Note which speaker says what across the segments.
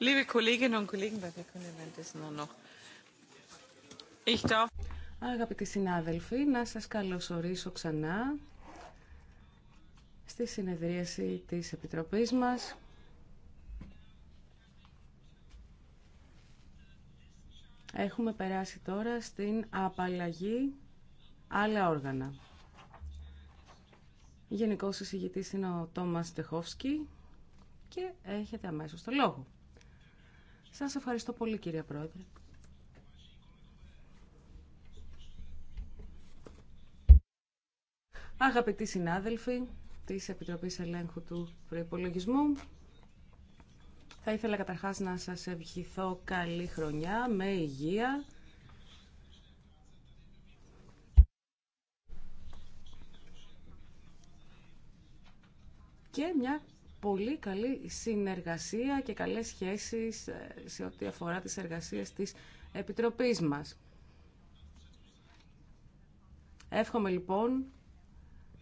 Speaker 1: Liebe Kolleginnen und Kollegen, wir nur noch. Ich darf.
Speaker 2: Αγαπητοί συνάδελφοι, να σας καλωσορίσω ξανά στη συνεδρίαση της Επιτροπής μας. Έχουμε περάσει τώρα στην απαλλαγή άλλα όργανα. Γενικός εισηγητής είναι ο Τόμας Τεχόφσκι και έχετε αμέσως το λόγο. Σας ευχαριστώ πολύ κύριε Πρόεδρε. Αγαπητοί συνάδελφοι της Επιτροπής Ελέγχου του Προϋπολογισμού, θα ήθελα καταρχάς να σας ευχηθώ καλή χρονιά, με υγεία. Και μια πολύ καλή συνεργασία και καλές σχέσεις ε, σε ό,τι αφορά τις εργασίες της Επιτροπής μας. Εύχομαι λοιπόν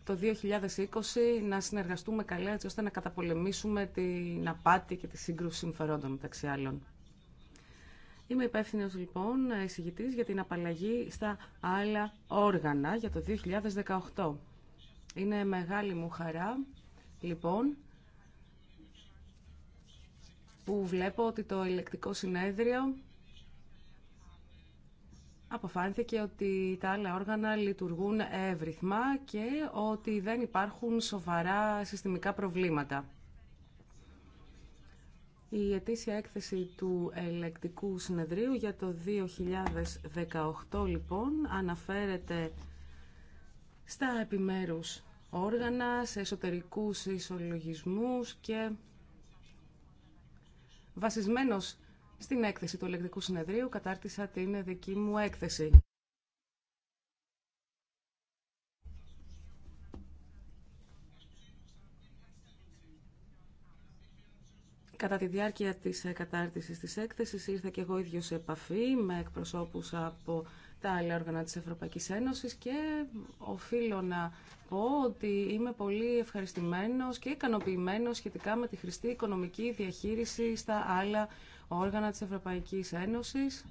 Speaker 2: το 2020 να συνεργαστούμε καλά έτσι ώστε να καταπολεμήσουμε την απάτη και τη σύγκρουση συμφερόντων μεταξύ άλλων. Είμαι υπεύθυνο λοιπόν εισηγητής για την απαλλαγή στα άλλα όργανα για το 2018. Είναι μεγάλη μου χαρά λοιπόν που βλέπω ότι το ελεκτικό συνέδριο αποφάνθηκε ότι τα άλλα όργανα λειτουργούν εύρυθμα και ότι δεν υπάρχουν σοβαρά συστημικά προβλήματα. Η ετήσια έκθεση του ελεκτικού συνεδρίου για το 2018 λοιπόν αναφέρεται στα επιμέρους όργανα, σε εσωτερικούς ισολογισμούς και Βασισμένος στην έκθεση του Ελεκτικού Συνεδρίου κατάρτισα την δική μου έκθεση. Κατά τη διάρκεια της κατάρτισης της έκθεσης ήρθα και εγώ ίδιο σε επαφή με εκπροσώπους από τα άλλα όργανα της Ευρωπαϊκής Ένωσης και οφείλω να πω ότι είμαι πολύ ευχαριστημένος και ικανοποιημένος σχετικά με τη χρηστή οικονομική διαχείριση στα άλλα όργανα της Ευρωπαϊκής Ένωσης.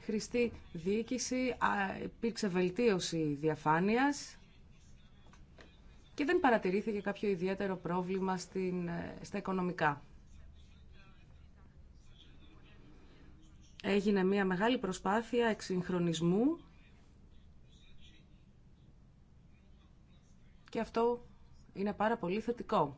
Speaker 2: Χρηστή διοίκηση, υπήρξε βελτίωση διαφάνειας και δεν παρατηρήθηκε κάποιο ιδιαίτερο πρόβλημα στην, ε, στα οικονομικά. έγινε μια μεγάλη προσπάθεια εξυγχρονισμού και αυτό είναι πάρα πολύ θετικό.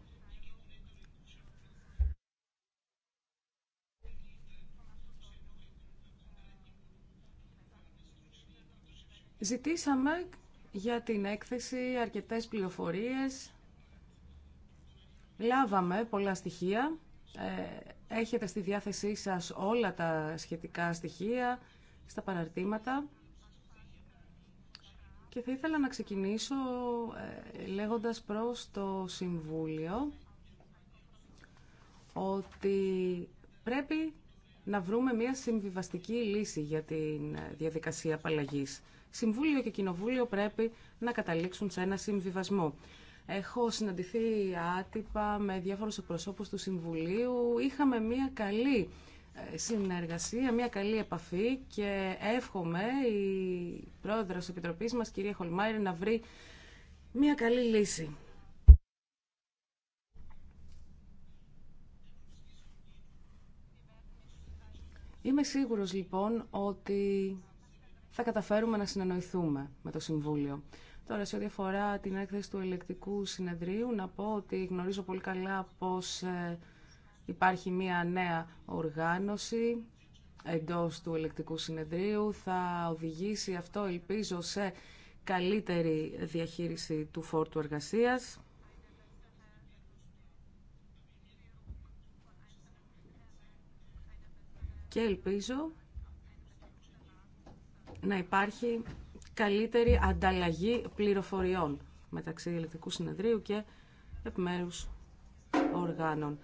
Speaker 2: Ζητήσαμε για την έκθεση αρκετές πληροφορίες, λάβαμε πολλά στοιχεία, ε, Έχετε στη διάθεσή σας όλα τα σχετικά στοιχεία στα παραρτήματα. Και θα ήθελα να ξεκινήσω ε, λέγοντας προς το Συμβούλιο ότι πρέπει να βρούμε μια συμβιβαστική λύση για τη ε, διαδικασία απαλλαγή. Συμβούλιο και Κοινοβούλιο πρέπει να καταλήξουν σε ένα συμβιβασμό. Έχω συναντηθεί άτυπα με διάφορους εκπροσώπους του Συμβουλίου. Είχαμε μια καλή ε, συνεργασία, μια καλή επαφή και εύχομαι η πρόεδρος της Επιτροπής μας, κυρία Χολμάιρη, να βρει μια καλή λύση. Είμαι σίγουρος λοιπόν ότι θα καταφέρουμε να συνεννοηθούμε με το Συμβούλιο. Τώρα, σε ό,τι αφορά την έκθεση του ελεκτικού συνεδρίου, να πω ότι γνωρίζω πολύ καλά πως ε, υπάρχει μία νέα οργάνωση εντός του ελεκτικού συνεδρίου. Θα οδηγήσει αυτό, ελπίζω, σε καλύτερη διαχείριση του φόρτου εργασίας. Και ελπίζω να υπάρχει καλύτερη ανταλλαγή πληροφοριών μεταξύ ηλεκτρικού συνεδρίου και επιμέρους οργάνων.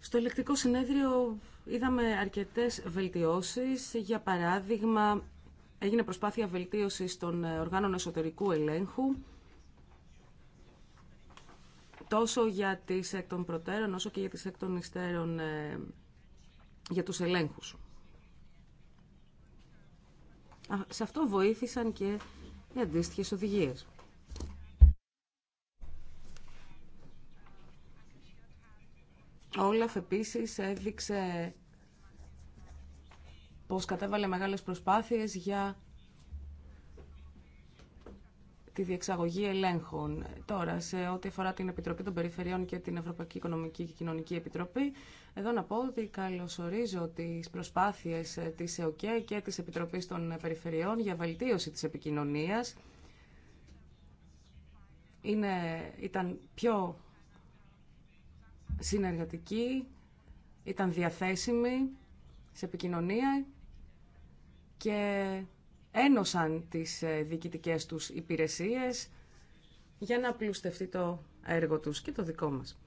Speaker 2: Στο ηλεκτρικό συνέδριο είδαμε αρκετές βελτιώσεις. Για παράδειγμα, έγινε προσπάθεια βελτίωσης των οργάνων εσωτερικού ελέγχου, τόσο για τις εκ των προτέρων όσο και για τις εκ των υστέρων ε, για τους ελέγχους. Σε αυτό βοήθησαν και οι αντίστοιχε οδηγίε. Όλαφ επίσης έδειξε πως κατέβαλε μεγάλες προσπάθειες για τη διεξαγωγή ελέγχων. Τώρα, σε ό,τι αφορά την Επιτροπή των Περιφερειών και την Ευρωπαϊκή Οικονομική και Κοινωνική Επιτροπή, εδώ να πω ότι καλωσορίζω τι προσπάθειες της ΕΟΚΕ και της Επιτροπής των Περιφερειών για βελτίωση τη επικοινωνία Είναι, ήταν πιο συνεργατική, ήταν διαθέσιμη σε επικοινωνία και ένωσαν τις ε, διοικητικές τους υπηρεσίες για να πλουστευτεί το έργο τους και το δικό μας.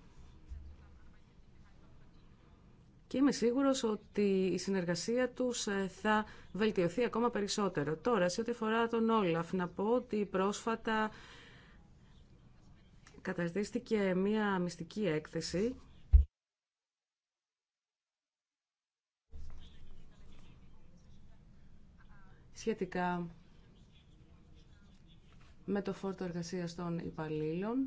Speaker 2: Και είμαι σίγουρος ότι η συνεργασία τους ε, θα βελτιωθεί ακόμα περισσότερο. Τώρα, σε ό,τι αφορά τον Όλαφ, να πω ότι πρόσφατα καταρτίστηκε μία μυστική έκθεση σχετικά με το φόρτο εργασίας των υπαλλήλων.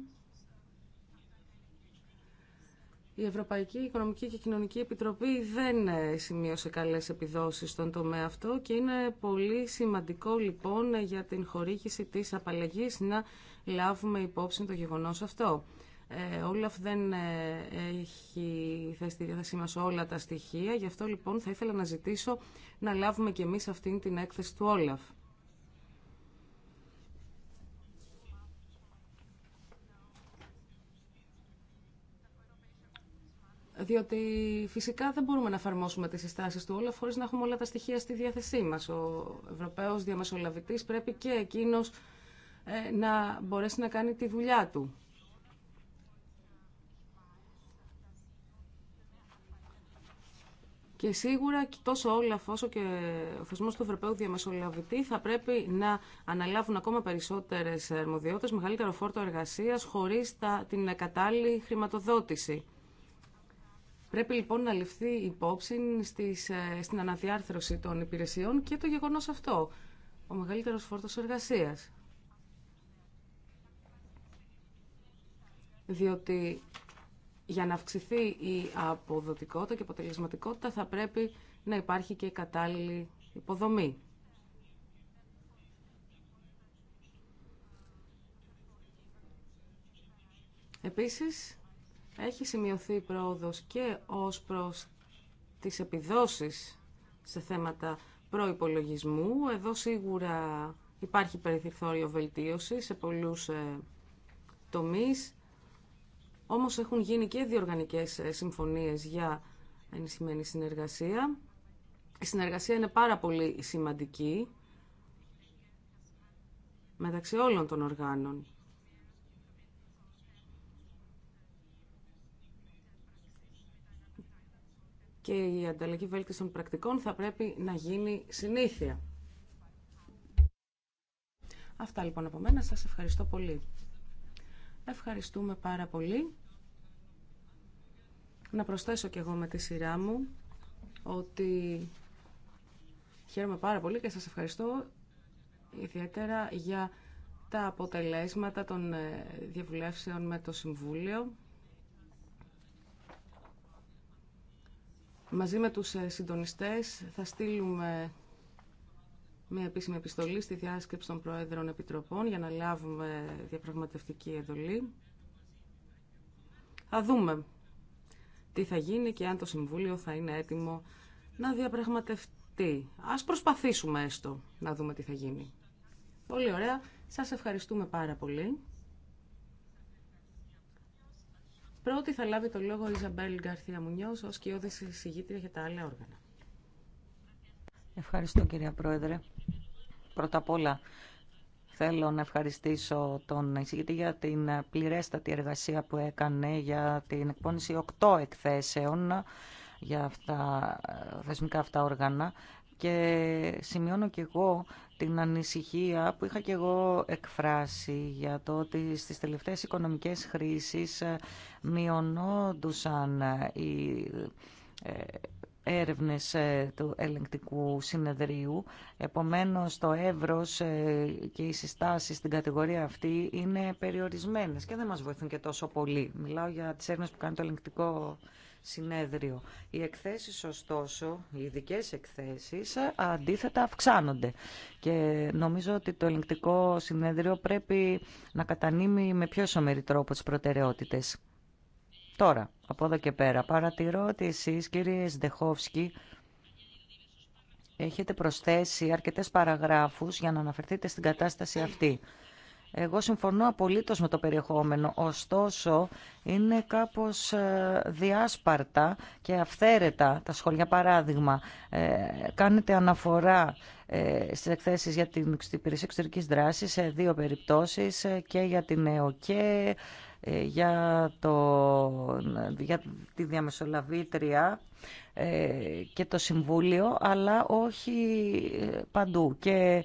Speaker 2: Η Ευρωπαϊκή Οικονομική και Κοινωνική Επιτροπή δεν σημείωσε καλές επιδόσεις στον τομέα αυτό και είναι πολύ σημαντικό λοιπόν για την χορήγηση της απαλλαγής να λάβουμε υπόψη το γεγονός αυτό. Ε, Όλαφ δεν ε, έχει θέσει τη διάθεσή μας όλα τα στοιχεία, γι' αυτό λοιπόν θα ήθελα να ζητήσω να λάβουμε και εμείς αυτήν την έκθεση του Όλαφ. διότι φυσικά δεν μπορούμε να εφαρμόσουμε τις συστάσει του όλα χωρίς να έχουμε όλα τα στοιχεία στη διάθεσή μας. Ο Ευρωπαίος διαμεσολαβητή πρέπει και εκείνος ε, να μπορέσει να κάνει τη δουλειά του. Και σίγουρα τόσο όλα όσο και ο θεσμό του Ευρωπαίου Διαμεσολαβητή θα πρέπει να αναλάβουν ακόμα περισσότερε αρμοδιότητε, μεγαλύτερο φόρτο εργασία, χωρί την κατάλληλη χρηματοδότηση. Πρέπει λοιπόν να ληφθεί υπόψη στις, ε, στην αναδιάρθρωση των υπηρεσιών και το γεγονός αυτό, ο μεγαλύτερο φόρτο εργασία. Διότι για να αυξηθεί η αποδοτικότητα και αποτελεσματικότητα θα πρέπει να υπάρχει και κατάλληλη υποδομή. Επίσης, έχει σημειωθεί πρόοδος και ως προς τις επιδόσεις σε θέματα προϋπολογισμού. Εδώ σίγουρα υπάρχει περιθώριο βελτίωση σε πολλούς ε, τομείς. Όμως έχουν γίνει και διοργανικές ε, συμφωνίες για ενισχυμένη συνεργασία. Η συνεργασία είναι πάρα πολύ σημαντική μεταξύ όλων των οργάνων. Και η ανταλλαγή των πρακτικών θα πρέπει να γίνει συνήθεια. Αυτά λοιπόν από μένα. Σας ευχαριστώ πολύ. Ευχαριστούμε πάρα πολύ. Να προσθέσω κι εγώ με τη σειρά μου ότι χαίρομαι πάρα πολύ και σας ευχαριστώ ιδιαίτερα για τα αποτελέσματα των ε, διαβουλεύσεων με το Συμβούλιο. Μαζί με τους ε, συντονιστές θα στείλουμε μια επίσημη επιστολή στη διάσκεψη των Προέδρων Επιτροπών για να λάβουμε διαπραγματευτική εντολή. Θα δούμε τι θα γίνει και αν το Συμβούλιο θα είναι έτοιμο να διαπραγματευτεί. Ας προσπαθήσουμε έστω να δούμε τι θα γίνει. Πολύ ωραία. Σας ευχαριστούμε πάρα πολύ. Πρώτη θα λάβει το λόγο η Ιζαμπέλ Γκαρθία Μουνιός ως κοιόδηση συγγήτρια για τα άλλα όργανα.
Speaker 1: Ευχαριστώ κυρία Πρόεδρε. Πρώτα απ' όλα θέλω να ευχαριστήσω τον εισηγητή για την πληρέστατη εργασία που έκανε για την εκπόνηση οκτώ εκθέσεων για αυτά, θεσμικά αυτά όργανα και σημειώνω και εγώ την ανησυχία που είχα και εγώ εκφράσει για το ότι στις τελευταίες οικονομικές χρήσεις μειωνόντουσαν οι ε, έρευνες ε, του ελεγκτικού συνεδρίου. Επομένως, το εύρος ε, και οι συστάσεις στην κατηγορία αυτή είναι περιορισμένες και δεν μας βοηθούν και τόσο πολύ. Μιλάω για τις έρευνες που κάνει το ελεγκτικό συνέδριο. Οι εκθέσεις, ωστόσο, οι ειδικέ εκθέσεις, ε, αντίθετα αυξάνονται. Και νομίζω ότι το ελεγκτικό συνέδριο πρέπει να κατανείμει με πιο σωμερή τρόπο τις προτεραιότητες. Τώρα, από εδώ και πέρα, παρατηρώ ότι εσείς, κύριε Σδεχόφσκι, έχετε προσθέσει αρκετές παραγράφους για να αναφερθείτε στην κατάσταση αυτή. Εγώ συμφωνώ απολύτως με το περιεχόμενο, ωστόσο είναι κάπως ε, διάσπαρτα και αυθαίρετα τα σχόλια. Παράδειγμα, ε, κάνετε αναφορά ε, στις εκθέσεις για την υπηρεσία εξωτερικής δράσης σε δύο περιπτώσεις και για την ΕΟΚΕ ε, για, το, για τη διαμεσολαβήτρια ε, και το Συμβούλιο, αλλά όχι ε, παντού. Και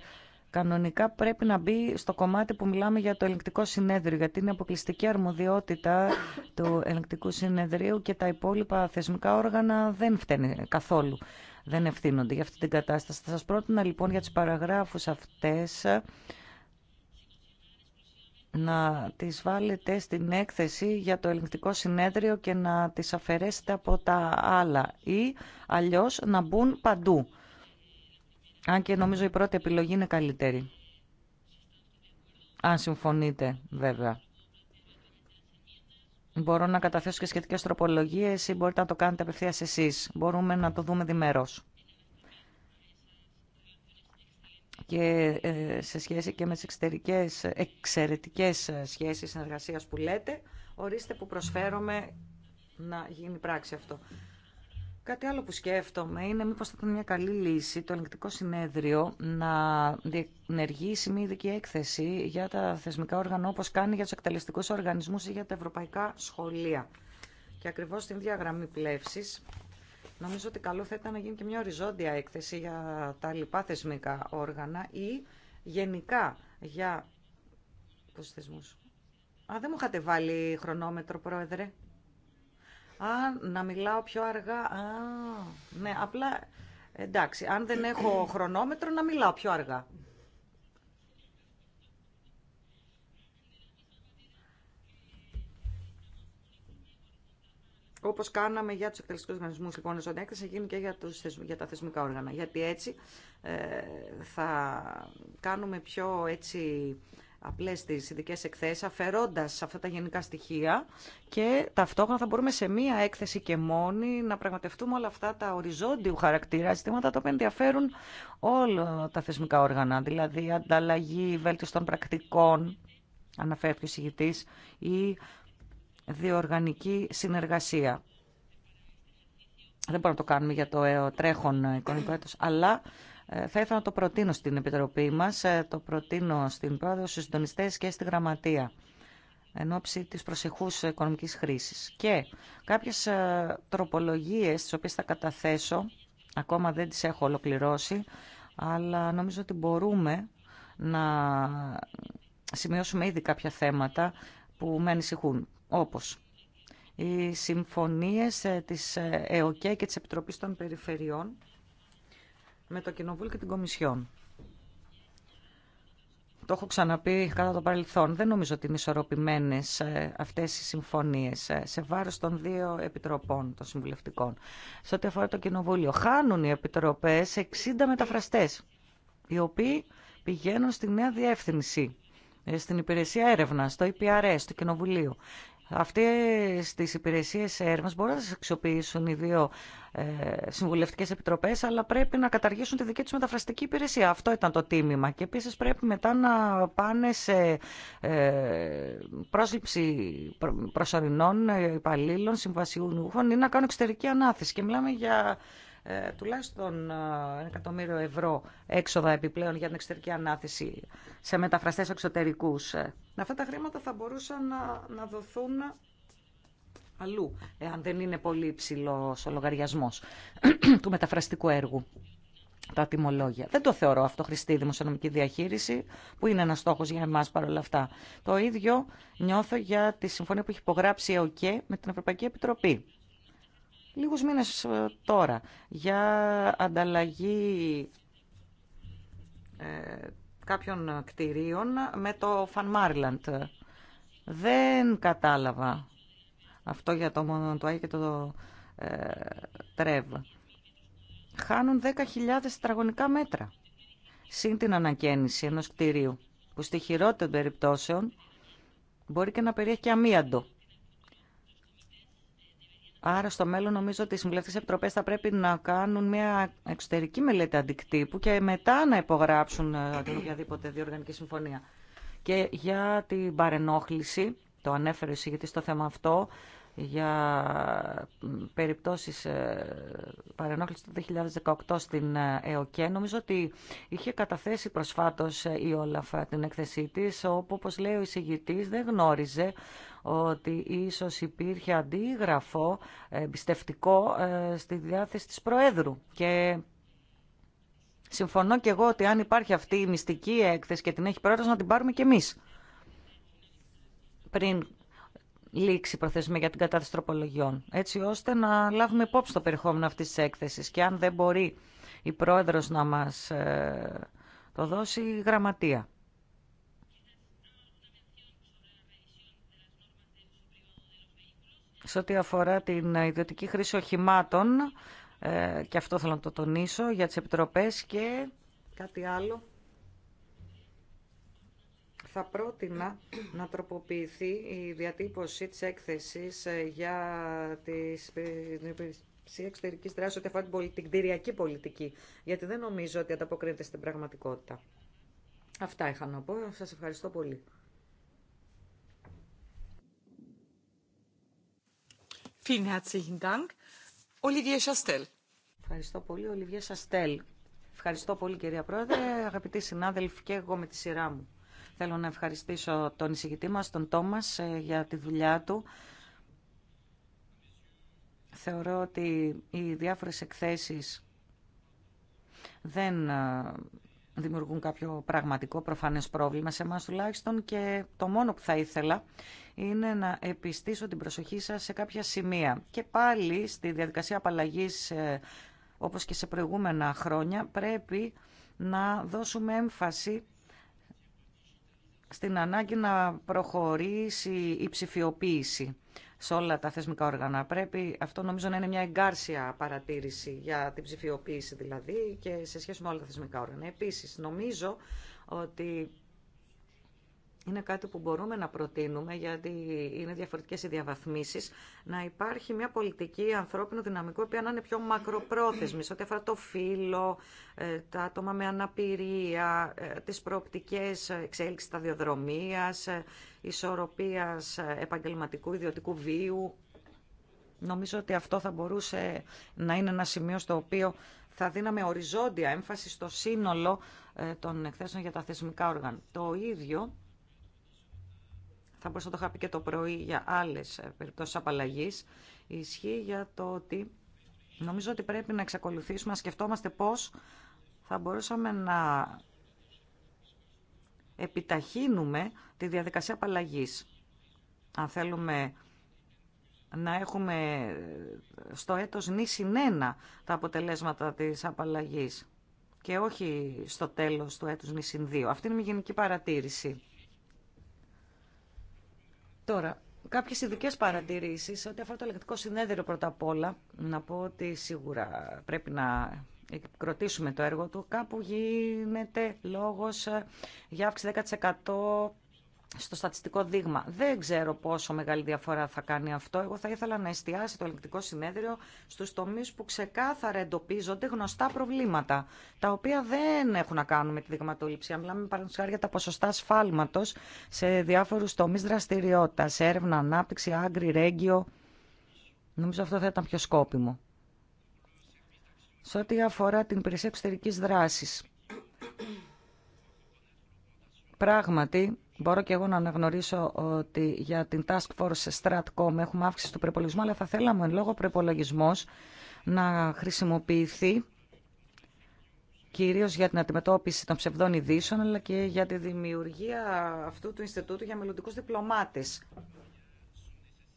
Speaker 1: κανονικά πρέπει να μπει στο κομμάτι που μιλάμε για το ελεγκτικό συνέδριο, γιατί είναι αποκλειστική αρμοδιότητα του ελεγκτικού συνεδρίου και τα υπόλοιπα θεσμικά όργανα δεν φταίνε καθόλου. Δεν ευθύνονται για αυτή την κατάσταση. Θα σας πρότεινα λοιπόν για τις παραγράφους αυτές να τις βάλετε στην έκθεση για το ελεγκτικό συνέδριο και να τις αφαιρέσετε από τα άλλα ή αλλιώς να μπουν παντού. Αν και νομίζω η πρώτη επιλογή είναι καλύτερη. Αν συμφωνείτε βέβαια. Μπορώ να καταθέσω και σχετικές τροπολογίες ή μπορείτε να το κάνετε απευθείας εσείς. Μπορούμε να το δούμε διμερώς. και ε, σε σχέση και με τις εξωτερικές, εξαιρετικές ε, σχέσεις συνεργασίας που λέτε, ορίστε που προσφέρομαι να γίνει πράξη αυτό. Κάτι άλλο που σκέφτομαι είναι μήπως θα ήταν μια καλή λύση το ελεγκτικό συνέδριο να διενεργήσει μια ειδική έκθεση για τα θεσμικά όργανα όπως κάνει για τους εκτελεστικούς οργανισμούς ή για τα ευρωπαϊκά σχολεία. Και ακριβώς στην διαγραμμή πλεύσης Νομίζω ότι καλό θα ήταν να γίνει και μια οριζόντια έκθεση για τα λοιπά θεσμικά όργανα ή γενικά για τους θεσμούς. Α, δεν μου είχατε βάλει χρονόμετρο, πρόεδρε. Α, να μιλάω πιο αργά. Α, ναι, απλά, εντάξει, αν δεν έχω χρονόμετρο, να μιλάω πιο αργά. Όπω κάναμε για του εκτελεστικού οργανισμού λοιπόν, ζωντανή έκθεση γίνει και για, τους, για τα θεσμικά όργανα. Γιατί έτσι ε, θα κάνουμε πιο έτσι, απλές τις ειδικέ εκθέσει, αφαιρώντα αυτά τα γενικά στοιχεία και ταυτόχρονα θα μπορούμε σε μία έκθεση και μόνη να πραγματευτούμε όλα αυτά τα οριζόντιου χαρακτήρα, ζητήματα τα οποία ενδιαφέρουν όλα τα θεσμικά όργανα, δηλαδή ανταλλαγή βέλτιστων πρακτικών, αναφέρθηκε ο συγητής, διοργανική συνεργασία. Δεν μπορούμε να το κάνουμε για το ε, τρέχον οικονομικό έτος, αλλά ε, θα ήθελα να το προτείνω στην Επιτροπή μας, ε, το προτείνω στην Πρόεδρο, στους συντονιστές και στη Γραμματεία εν ώψη της προσεχούς οικονομικής χρήσης. Και κάποιες τροπολογίες, τις οποίες θα καταθέσω, ακόμα δεν τις έχω ολοκληρώσει, αλλά νομίζω ότι μπορούμε να σημειώσουμε ήδη κάποια θέματα που με ανησυχούν όπως οι συμφωνίες ε, της ε, ΕΟΚΕ και της Επιτροπής των Περιφερειών με το Κοινοβούλιο και την Κομισιόν. Το έχω ξαναπεί κατά το παρελθόν. Δεν νομίζω ότι είναι ισορροπημένε ε, αυτέ οι συμφωνίε σε βάρο των δύο επιτροπών των συμβουλευτικών. Σε ό,τι αφορά το Κοινοβούλιο, χάνουν οι επιτροπέ 60 μεταφραστέ, οι οποίοι πηγαίνουν στη νέα διεύθυνση, στην υπηρεσία έρευνα, στο EPRS στο Κοινοβουλίο. Αυτές τις υπηρεσίες έρευνας μπορούν να τις αξιοποιήσουν οι δύο ε, συμβουλευτικές επιτροπές, αλλά πρέπει να καταργήσουν τη δική τους μεταφραστική υπηρεσία. Αυτό ήταν το τίμημα. Και επίσης πρέπει μετά να πάνε σε ε, πρόσληψη προσωρινών ε, υπαλλήλων, συμβασιούχων ή να κάνουν εξωτερική ανάθεση. Και μιλάμε για ε, τουλάχιστον ε, ένα εκατομμύριο ευρώ έξοδα επιπλέον για την εξωτερική ανάθεση σε μεταφραστές εξωτερικούς. Ε, αυτά τα χρήματα θα μπορούσαν να, να δοθούν αλλού, εάν δεν είναι πολύ υψηλό ο λογαριασμός του μεταφραστικού έργου. Τα τιμολόγια. Δεν το θεωρώ αυτό χρηστή δημοσιονομική διαχείριση, που είναι ένα στόχο για εμά παρόλα αυτά. Το ίδιο νιώθω για τη συμφωνία που έχει υπογράψει η ΕΟΚΕ με την Ευρωπαϊκή Επιτροπή λίγους μήνες ε, τώρα για ανταλλαγή ε, κάποιων κτηρίων με το Φαν Δεν κατάλαβα αυτό για το Μοντουάι και το ε, Τρέβ. Χάνουν 10.000 τετραγωνικά μέτρα συν την ανακαίνιση ενός κτηρίου που στη χειρότερη των περιπτώσεων μπορεί και να περιέχει και αμίαντο. Άρα στο μέλλον νομίζω ότι οι συμβουλευτικές επιτροπές θα πρέπει να κάνουν μια εξωτερική μελέτη αντικτύπου και μετά να υπογράψουν ε, την οποιαδήποτε διοργανική συμφωνία. Και για την παρενόχληση, το ανέφερε ο εισηγητής στο θέμα αυτό, για περιπτώσεις ε, παρενόχλησης το 2018 στην ε, ΕΟΚΕ. Νομίζω ότι είχε καταθέσει προσφάτως η Όλαφ την έκθεσή της, όπου όπως λέει ο εισηγητής δεν γνώριζε ότι ίσως υπήρχε αντίγραφο εμπιστευτικό ε, στη διάθεση της Προέδρου. Και συμφωνώ και εγώ ότι αν υπάρχει αυτή η μυστική έκθεση και την έχει πρόεδρος να την πάρουμε και εμείς. Πριν λήξει προθεσμία για την κατάθεση τροπολογιών, έτσι ώστε να λάβουμε υπόψη το περιεχόμενο αυτής της έκθεση και αν δεν μπορεί η πρόεδρο να μας ε, το δώσει η γραμματεία. σε ό,τι αφορά την ιδιωτική χρήση οχημάτων, ε, και αυτό θέλω να το τονίσω, για τις επιτροπές και κάτι άλλο. Θα πρότεινα να τροποποιηθεί η διατύπωση της έκθεσης ε, για τις ε, υπηρεσία εξωτερικής δράσης ό,τι αφορά την, πολιτική, την κτηριακή πολιτική, γιατί δεν νομίζω ότι ανταποκρίνεται στην πραγματικότητα. Αυτά είχα να πω. Σας ευχαριστώ πολύ. Ευχαριστώ πολύ, Ολιβιέ Σαστέλ. Ευχαριστώ πολύ, κυρία Πρόεδρε, αγαπητοί συνάδελφοι και εγώ με τη σειρά μου. Θέλω να ευχαριστήσω τον εισηγητή μας, τον Τόμας, ε, για τη δουλειά του. Θεωρώ ότι οι διάφορες εκθέσεις δεν ε, δημιουργούν κάποιο πραγματικό προφανές πρόβλημα σε εμάς τουλάχιστον και το μόνο που θα ήθελα είναι να επιστήσω την προσοχή σας σε κάποια σημεία. Και πάλι στη διαδικασία απαλλαγής ε, όπως και σε προηγούμενα χρόνια πρέπει να δώσουμε έμφαση στην ανάγκη να προχωρήσει η ψηφιοποίηση σε όλα τα θεσμικά όργανα. Πρέπει αυτό νομίζω να είναι μια εγκάρσια παρατήρηση για την ψηφιοποίηση δηλαδή και σε σχέση με όλα τα θεσμικά όργανα. Επίσης, νομίζω ότι είναι κάτι που μπορούμε να προτείνουμε γιατί είναι διαφορετικέ οι διαβαθμίσει. να υπάρχει μια πολιτική ανθρώπινου δυναμικού οποία να είναι πιο μακροπρόθεσμη σε ό,τι αφορά το φύλλο, ε, τα άτομα με αναπηρία, ε, τι προοπτικέ εξέλιξη σταδιοδρομία, ε, ισορροπία επαγγελματικού ιδιωτικού βίου. Νομίζω ότι αυτό θα μπορούσε να είναι ένα σημείο στο οποίο θα δίναμε οριζόντια έμφαση στο σύνολο των εκθέσεων για τα θεσμικά όργανα. Το ίδιο θα μπορούσα να το είχα πει και το πρωί για άλλες ε, περιπτώσει απαλλαγή. ισχύει για το ότι νομίζω ότι πρέπει να εξακολουθήσουμε να σκεφτόμαστε πώς θα μπορούσαμε να επιταχύνουμε τη διαδικασία απαλλαγή. Αν θέλουμε να έχουμε στο έτος νη συνένα τα αποτελέσματα της απαλλαγής και όχι στο τέλος του έτους νη συν δύο. Αυτή είναι μια γενική παρατήρηση. Τώρα, κάποιες ειδικέ παρατηρήσεις ό,τι αφορά το ελεκτικό συνέδριο πρώτα απ' όλα. Να πω ότι σίγουρα πρέπει να κροτήσουμε το έργο του. Κάπου γίνεται λόγο για αύξηση 10% στο στατιστικό δείγμα. Δεν ξέρω πόσο μεγάλη διαφορά θα κάνει αυτό. Εγώ θα ήθελα να εστιάσει το ελεκτικό συνέδριο στους τομείς που ξεκάθαρα εντοπίζονται γνωστά προβλήματα, τα οποία δεν έχουν να κάνουν με τη δειγματοληψία. Μιλάμε χάρη για τα ποσοστά σφάλματος σε διάφορους τομείς δραστηριότητα, έρευνα, ανάπτυξη, άγκρη, ρέγγιο. Νομίζω αυτό θα ήταν πιο σκόπιμο. Σε ό,τι αφορά την υπηρεσία εξωτερική πράγματι Μπορώ και εγώ να αναγνωρίσω ότι για την Task Force Stratcom έχουμε αύξηση του προπολογισμού, αλλά θα θέλαμε εν λόγω προπολογισμό να χρησιμοποιηθεί κυρίως για την αντιμετώπιση των ψευδών ειδήσεων, αλλά και για τη δημιουργία αυτού του Ινστιτούτου για μελλοντικού διπλωμάτες.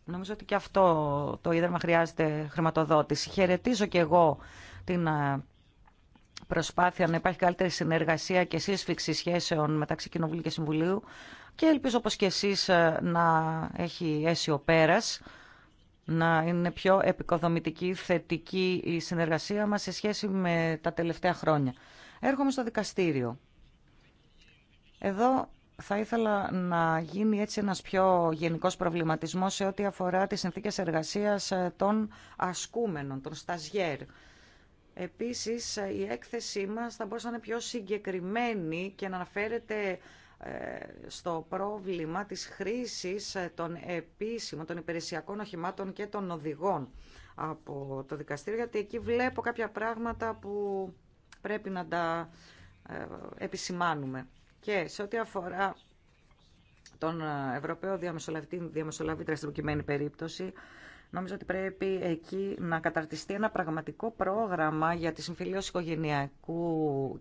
Speaker 1: Νομίζω ότι και αυτό το Ίδρυμα χρειάζεται χρηματοδότηση. Χαιρετίζω και εγώ την ε, προσπάθεια να υπάρχει καλύτερη συνεργασία και σύσφυξη σχέσεων μεταξύ Κοινοβουλίου και Συμβουλίου και ελπίζω όπως και εσείς ε, να έχει αίσιο πέρας να είναι πιο επικοδομητική, θετική η συνεργασία μας σε σχέση με τα τελευταία χρόνια. Έρχομαι στο δικαστήριο. Εδώ θα ήθελα να γίνει έτσι ένας πιο γενικός προβληματισμός σε ό,τι αφορά τις συνθήκες εργασίας ε, των ασκούμενων, των σταζιέρ. Επίσης, η έκθεσή μας θα μπορούσε να είναι πιο συγκεκριμένη και να αναφέρεται ε, στο πρόβλημα της χρήσης ε, των επίσημων, των υπηρεσιακών οχημάτων και των οδηγών από το δικαστήριο, γιατί εκεί βλέπω κάποια πράγματα που πρέπει να τα ε, επισημάνουμε. Και σε ό,τι αφορά τον ε, Ευρωπαίο διαμεσολαβητή, διαμεσολαβήτρα στην προκειμένη περίπτωση, νομίζω ότι πρέπει εκεί να καταρτιστεί ένα πραγματικό πρόγραμμα για τη συμφιλίωση οικογενειακού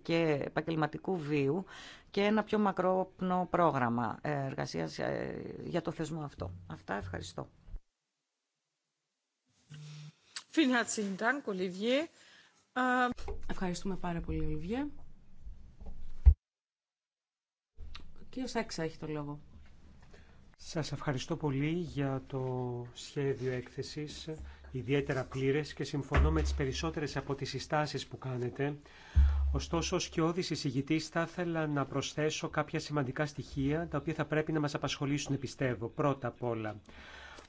Speaker 1: και επαγγελματικού βίου και ένα πιο μακρόπνο πρόγραμμα ε, εργασίας ε, για το θεσμό αυτό. Αυτά, ευχαριστώ.
Speaker 2: Ευχαριστούμε πάρα πολύ, Ολιβιέ. Ο κύριος Έξα έχει το λόγο.
Speaker 3: Σας ευχαριστώ πολύ για το σχέδιο έκθεσης, ιδιαίτερα πλήρες και συμφωνώ με τις περισσότερες από τις συστάσεις που κάνετε. Ωστόσο, ως κοιόδης εισηγητής θα ήθελα να προσθέσω κάποια σημαντικά στοιχεία, τα οποία θα πρέπει να μας απασχολήσουν, πιστεύω, πρώτα απ' όλα.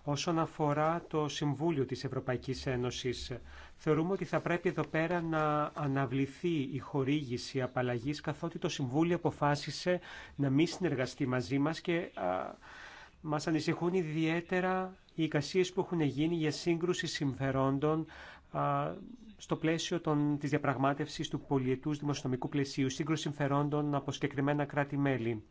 Speaker 3: Όσον αφορά το Συμβούλιο της Ευρωπαϊκής Ένωσης, θεωρούμε ότι θα πρέπει εδώ πέρα να αναβληθεί η χορήγηση απαλλαγής, καθότι το Συμβούλιο αποφάσισε να μην συνεργαστεί μαζί μας και μας ανησυχούν ιδιαίτερα οι εικασίες που έχουν γίνει για σύγκρουση συμφερόντων στο πλαίσιο των, της διαπραγμάτευσης του πολιετούς δημοσιονομικού πλαισίου, σύγκρουση συμφερόντων από συγκεκριμένα κράτη-μέλη.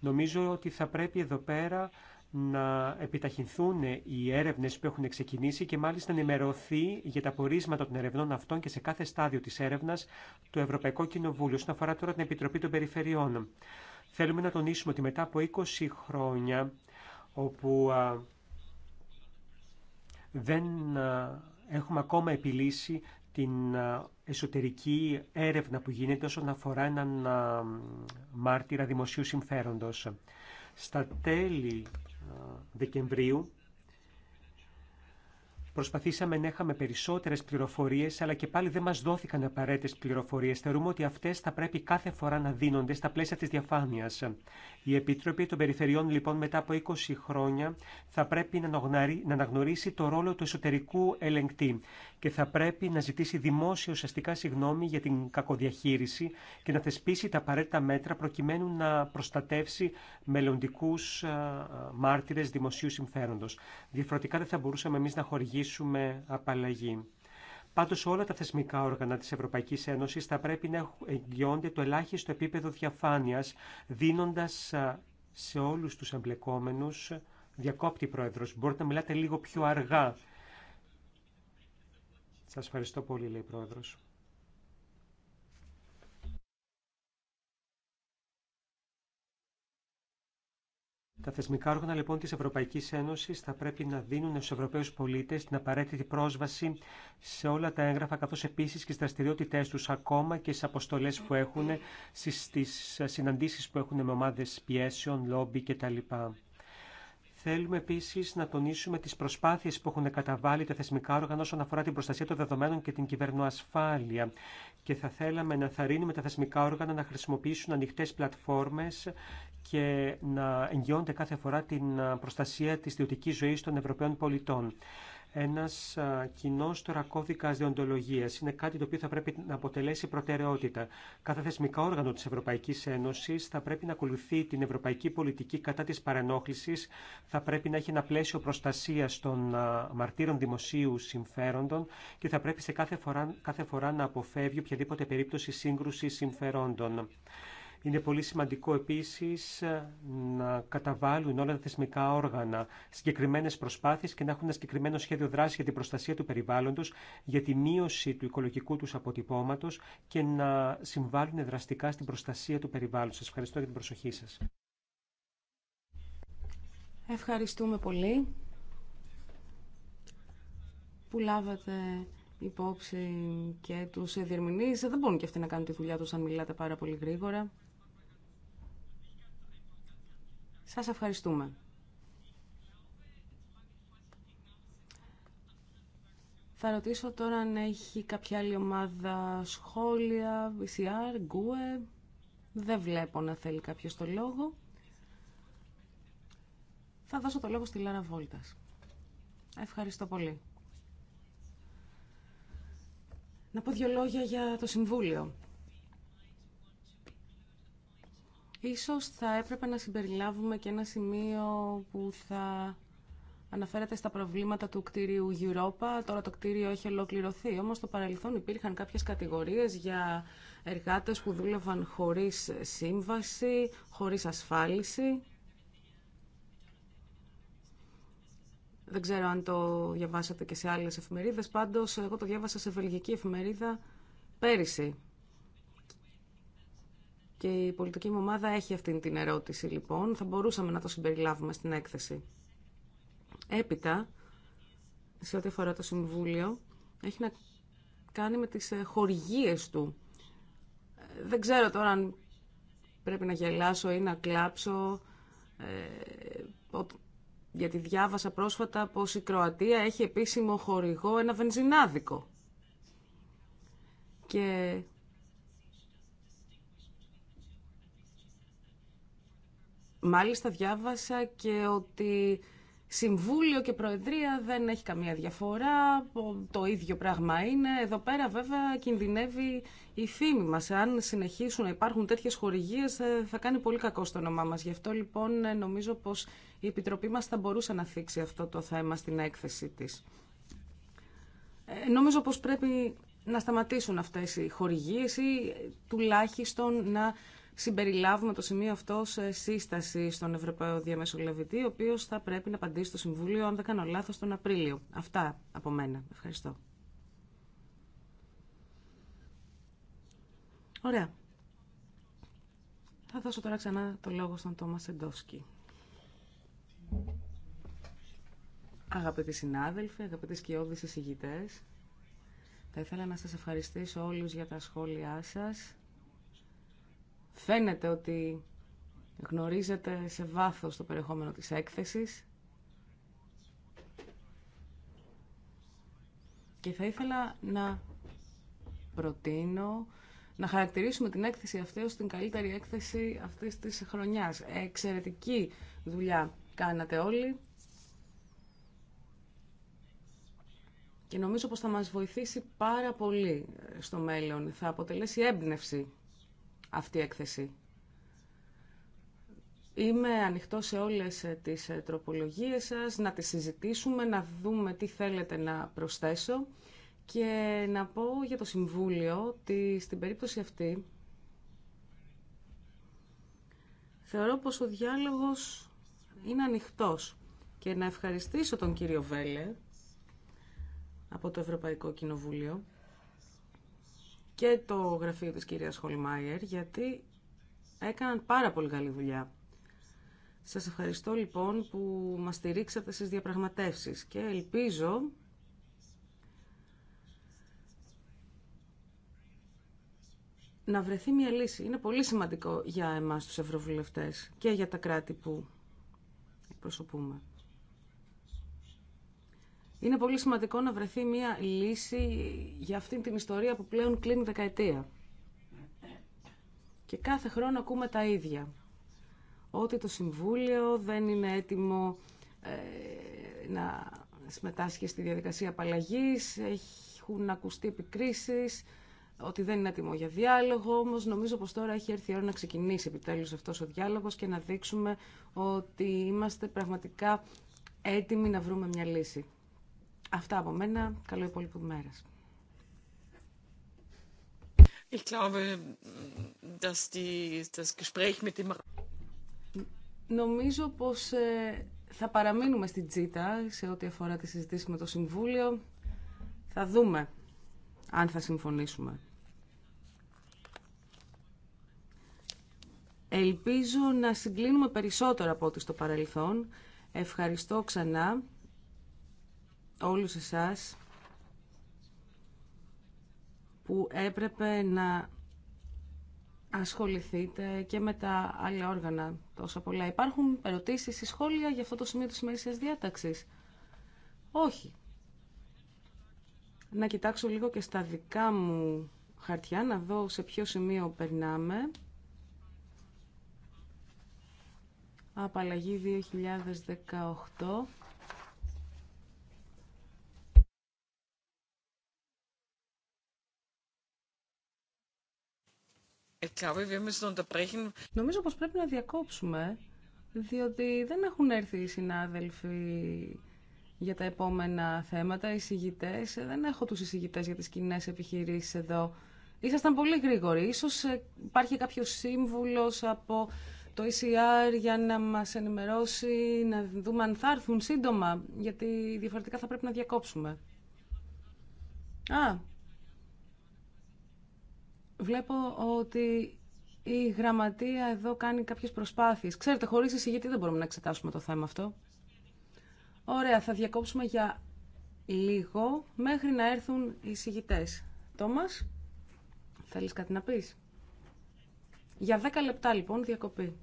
Speaker 3: Νομίζω ότι θα πρέπει εδώ πέρα να επιταχυνθούν οι έρευνες που έχουν ξεκινήσει και μάλιστα να ενημερωθεί για τα πορίσματα των ερευνών αυτών και σε κάθε στάδιο της έρευνας του Ευρωπαϊκό Κοινοβούλιο, όσον αφορά τώρα την Επιτροπή των Περιφερειών. Θέλουμε να τονίσουμε ότι μετά από 20 χρόνια όπου δεν έχουμε ακόμα επιλύσει την εσωτερική έρευνα που γίνεται όσον αφορά έναν μάρτυρα δημοσίου συμφέροντος. Στα τέλη Δεκεμβρίου Προσπαθήσαμε να έχαμε περισσότερες πληροφορίες, αλλά και πάλι δεν μας δόθηκαν απαραίτητες πληροφορίες. Θεωρούμε ότι αυτές θα πρέπει κάθε φορά να δίνονται στα πλαίσια της διαφάνειας. Η Επίτροπη των Περιφερειών λοιπόν μετά από 20 χρόνια θα πρέπει να αναγνωρίσει το ρόλο του εσωτερικού ελεγκτή και θα πρέπει να ζητήσει δημόσια ουσιαστικά συγγνώμη για την κακοδιαχείριση και να θεσπίσει τα απαραίτητα μέτρα προκειμένου να προστατεύσει μελλοντικού μάρτυρε δημοσίου συμφέροντο. Διαφορετικά δεν θα μπορούσαμε εμεί να χορηγήσουμε απαλλαγή. Πάντω, όλα τα θεσμικά όργανα της Ευρωπαϊκής Ένωση θα πρέπει να εγγυώνται το ελάχιστο επίπεδο διαφάνειας, δίνοντας σε όλους τους εμπλεκόμενους διακόπτη πρόεδρο. Μπορείτε να μιλάτε λίγο πιο αργά. Σας ευχαριστώ πολύ, λέει πρόεδρο. πρόεδρος. Τα θεσμικά όργανα λοιπόν της Ευρωπαϊκής Ένωσης θα πρέπει να δίνουν στους Ευρωπαίους πολίτες την απαραίτητη πρόσβαση σε όλα τα έγγραφα καθώς επίσης και στις δραστηριότητές τους ακόμα και στις αποστολές που έχουν, στις συναντήσεις που έχουν με ομάδες πιέσεων, λόμπι κτλ. Θέλουμε επίση να τονίσουμε τι προσπάθειε που έχουν καταβάλει τα θεσμικά όργανα όσον αφορά την προστασία των δεδομένων και την κυβερνοασφάλεια. Και θα θέλαμε να θαρρύνουμε τα θεσμικά όργανα να χρησιμοποιήσουν ανοιχτέ πλατφόρμε και να εγγυώνται κάθε φορά την προστασία τη ιδιωτική ζωή των Ευρωπαίων πολιτών ένας κοινό τώρα κώδικα διοντολογία. Είναι κάτι το οποίο θα πρέπει να αποτελέσει προτεραιότητα. Κάθε θεσμικά όργανο της Ευρωπαϊκής Ένωση θα πρέπει να ακολουθεί την ευρωπαϊκή πολιτική κατά της παρενόχλησης, θα πρέπει να έχει ένα πλαίσιο προστασία των μαρτύρων δημοσίου συμφέροντων και θα πρέπει σε κάθε φορά, κάθε φορά να αποφεύγει οποιαδήποτε περίπτωση σύγκρουση συμφερόντων. Είναι πολύ σημαντικό επίσης ε, να καταβάλουν όλα τα θεσμικά όργανα συγκεκριμένες προσπάθειες και να έχουν ένα συγκεκριμένο σχέδιο δράσης για την προστασία του περιβάλλοντος, για τη μείωση του οικολογικού τους αποτυπώματος και να συμβάλλουν δραστικά στην προστασία του περιβάλλοντος. Σας ευχαριστώ για την προσοχή σας.
Speaker 2: Ευχαριστούμε πολύ που λάβατε υπόψη και τους διερμηνείς. Δεν μπορούν και αυτοί να κάνουν τη δουλειά τους αν μιλάτε πάρα πολύ γρήγορα. Σας ευχαριστούμε. Θα ρωτήσω τώρα αν έχει κάποια άλλη ομάδα σχόλια, VCR, GUE. Ε. Δεν βλέπω να θέλει κάποιο το λόγο. Θα δώσω το λόγο στη Λάρα Βόλτας. Ευχαριστώ πολύ. Να πω δύο λόγια για το Συμβούλιο. Ίσως θα έπρεπε να συμπεριλάβουμε και ένα σημείο που θα αναφέρεται στα προβλήματα του κτίριου Europa. Τώρα το κτίριο έχει ολοκληρωθεί, όμως στο παρελθόν υπήρχαν κάποιες κατηγορίες για εργάτες που δούλευαν χωρίς σύμβαση, χωρίς ασφάλιση. Δεν ξέρω αν το διαβάσατε και σε άλλες εφημερίδες, πάντως εγώ το διάβασα σε βελγική εφημερίδα πέρυσι. Και η πολιτική μου ομάδα έχει αυτή την ερώτηση λοιπόν. Θα μπορούσαμε να το συμπεριλάβουμε στην έκθεση. Έπειτα, σε ό,τι αφορά το Συμβούλιο, έχει να κάνει με τις ε, χορηγίες του. Ε, δεν ξέρω τώρα αν πρέπει να γελάσω ή να κλάψω, ε, γιατί διάβασα πρόσφατα πως η Κροατία έχει επίσημο χορηγό ένα βενζινάδικο. Και Μάλιστα διάβασα και ότι Συμβούλιο και Προεδρία δεν έχει καμία διαφορά, το ίδιο πράγμα είναι. Εδώ πέρα βέβαια κινδυνεύει η φήμη μας. Αν συνεχίσουν να υπάρχουν τέτοιες χορηγίες ε, θα κάνει πολύ κακό στο όνομά μας. Γι' αυτό λοιπόν ε, νομίζω πως η Επιτροπή μας θα μπορούσε να θίξει αυτό το θέμα στην έκθεση της. Ε, νομίζω πως πρέπει να σταματήσουν αυτές οι χορηγίες ή τουλάχιστον να συμπεριλάβουμε το σημείο αυτό σε σύσταση στον Ευρωπαίο Διαμεσολαβητή, ο οποίος θα πρέπει να απαντήσει στο Συμβούλιο, αν δεν κάνω λάθο τον Απρίλιο. Αυτά από μένα. Ευχαριστώ. Ωραία. Θα δώσω τώρα ξανά το λόγο στον Τόμα Σεντόφσκι. Αγαπητοί συνάδελφοι, αγαπητοί σκιώδεις εισηγητές, θα ήθελα να σας ευχαριστήσω όλους για τα σχόλιά σας Φαίνεται ότι γνωρίζετε σε βάθος το περιεχόμενο της έκθεσης και θα ήθελα να προτείνω να χαρακτηρίσουμε την έκθεση αυτή ως την καλύτερη έκθεση αυτής της χρονιάς. Εξαιρετική δουλειά κάνατε όλοι και νομίζω πως θα μας βοηθήσει πάρα πολύ στο μέλλον. Θα αποτελέσει έμπνευση αυτή η έκθεση. Είμαι ανοιχτό σε όλες ε, τις ε, τροπολογίες σας, να τις συζητήσουμε, να δούμε τι θέλετε να προσθέσω και να πω για το Συμβούλιο ότι στην περίπτωση αυτή θεωρώ πως ο διάλογος είναι ανοιχτός και να ευχαριστήσω τον κύριο Βέλε από το Ευρωπαϊκό Κοινοβούλιο και το γραφείο της κυρίας Χολμάιερ γιατί έκαναν πάρα πολύ καλή δουλειά. Σας ευχαριστώ λοιπόν που μας στηρίξατε στις διαπραγματεύσεις και ελπίζω να βρεθεί μια λύση. Είναι πολύ σημαντικό για εμάς τους ευρωβουλευτές και για τα κράτη που εκπροσωπούμε. Είναι πολύ σημαντικό να βρεθεί μια λύση για αυτήν την ιστορία που πλέον κλείνει δεκαετία. Και κάθε χρόνο ακούμε τα ίδια. Ότι το Συμβούλιο δεν είναι έτοιμο ε, να συμμετάσχει στη διαδικασία απαλλαγή, έχουν ακουστεί επικρίσεις, ότι δεν είναι έτοιμο για διάλογο, όμως νομίζω πως τώρα έχει έρθει η ώρα να ξεκινήσει επιτέλους αυτός ο διάλογος και να δείξουμε ότι είμαστε πραγματικά έτοιμοι να βρούμε μια λύση. Αυτά από μένα. Καλό υπόλοιπο μέρα.
Speaker 1: glaube,
Speaker 2: Νομίζω πως ε, θα παραμείνουμε στην τζίτα σε ό,τι αφορά τη συζήτηση με το Συμβούλιο. Θα δούμε αν θα συμφωνήσουμε. Ελπίζω να συγκλίνουμε περισσότερο από ό,τι στο παρελθόν. Ευχαριστώ ξανά όλους εσάς που έπρεπε να ασχοληθείτε και με τα άλλα όργανα τόσα πολλά. Υπάρχουν ερωτήσεις ή σχόλια για αυτό το σημείο της σημερισίας διάταξης. Όχι. Να κοιτάξω λίγο και στα δικά μου χαρτιά, να δω σε ποιο σημείο περνάμε. Απαλλαγή 2018. Ε, Νομίζω πως πρέπει να διακόψουμε, διότι δεν έχουν έρθει οι συνάδελφοι για τα επόμενα θέματα, οι συγητές. Δεν έχω τους συγητές για τις κοινέ επιχειρήσεις εδώ. Ήσασταν πολύ γρήγοροι. Ίσως ε, υπάρχει κάποιο σύμβουλος από το ECR για να μας ενημερώσει, να δούμε αν θα έρθουν σύντομα, γιατί διαφορετικά θα πρέπει να διακόψουμε. Α, Βλέπω ότι η γραμματεία εδώ κάνει κάποιες προσπάθειες. Ξέρετε, χωρίς εισηγητή δεν μπορούμε να εξετάσουμε το θέμα αυτό. Ωραία, θα διακόψουμε για λίγο μέχρι να έρθουν οι εισηγητές. Τόμας, θέλεις κάτι να πεις? Για 10 λεπτά λοιπόν διακοπή.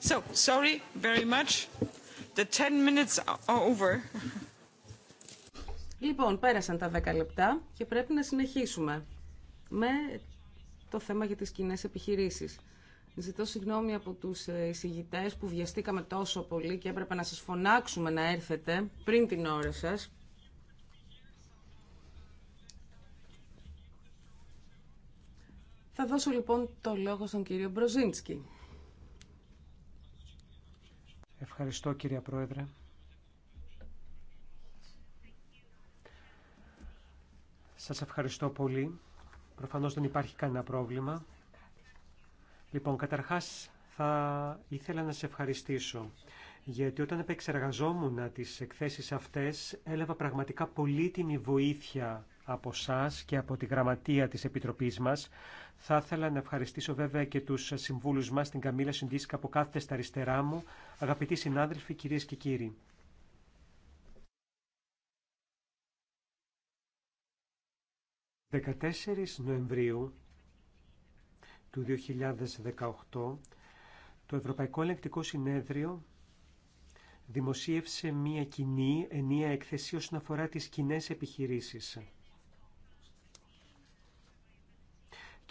Speaker 1: So, sorry very much. The 10 minutes are over.
Speaker 2: Λοιπόν, πέρασαν τα 10 λεπτά και πρέπει να συνεχίσουμε με το θέμα για τις κοινέ επιχειρήσεις. Ζητώ συγγνώμη από τους ε, εισηγητές που βιαστήκαμε τόσο πολύ και έπρεπε να σας φωνάξουμε να έρθετε πριν την ώρα σας. Θα δώσω λοιπόν το λόγο στον κύριο Μπροζίνσκι.
Speaker 3: Ευχαριστώ κυρία Πρόεδρε. Σας ευχαριστώ πολύ. Προφανώς δεν υπάρχει κανένα πρόβλημα. Λοιπόν, καταρχάς θα ήθελα να σε ευχαριστήσω, γιατί όταν επεξεργαζόμουν τις εκθέσεις αυτές, έλαβα πραγματικά πολύτιμη βοήθεια από εσά και από τη γραμματεία της Επιτροπής μας. Θα ήθελα να ευχαριστήσω βέβαια και τους συμβούλους μας, την Καμίλα Συντίσκα που κάθεται στα αριστερά μου, αγαπητοί συνάδελφοι, κυρίες και κύριοι. «14 Νοεμβρίου του 2018 το Ευρωπαϊκό Ελεκτικό Συνέδριο δημοσίευσε μία κοινή ενία έκθεση όσον αφορά τις κοινέ επιχειρήσεις.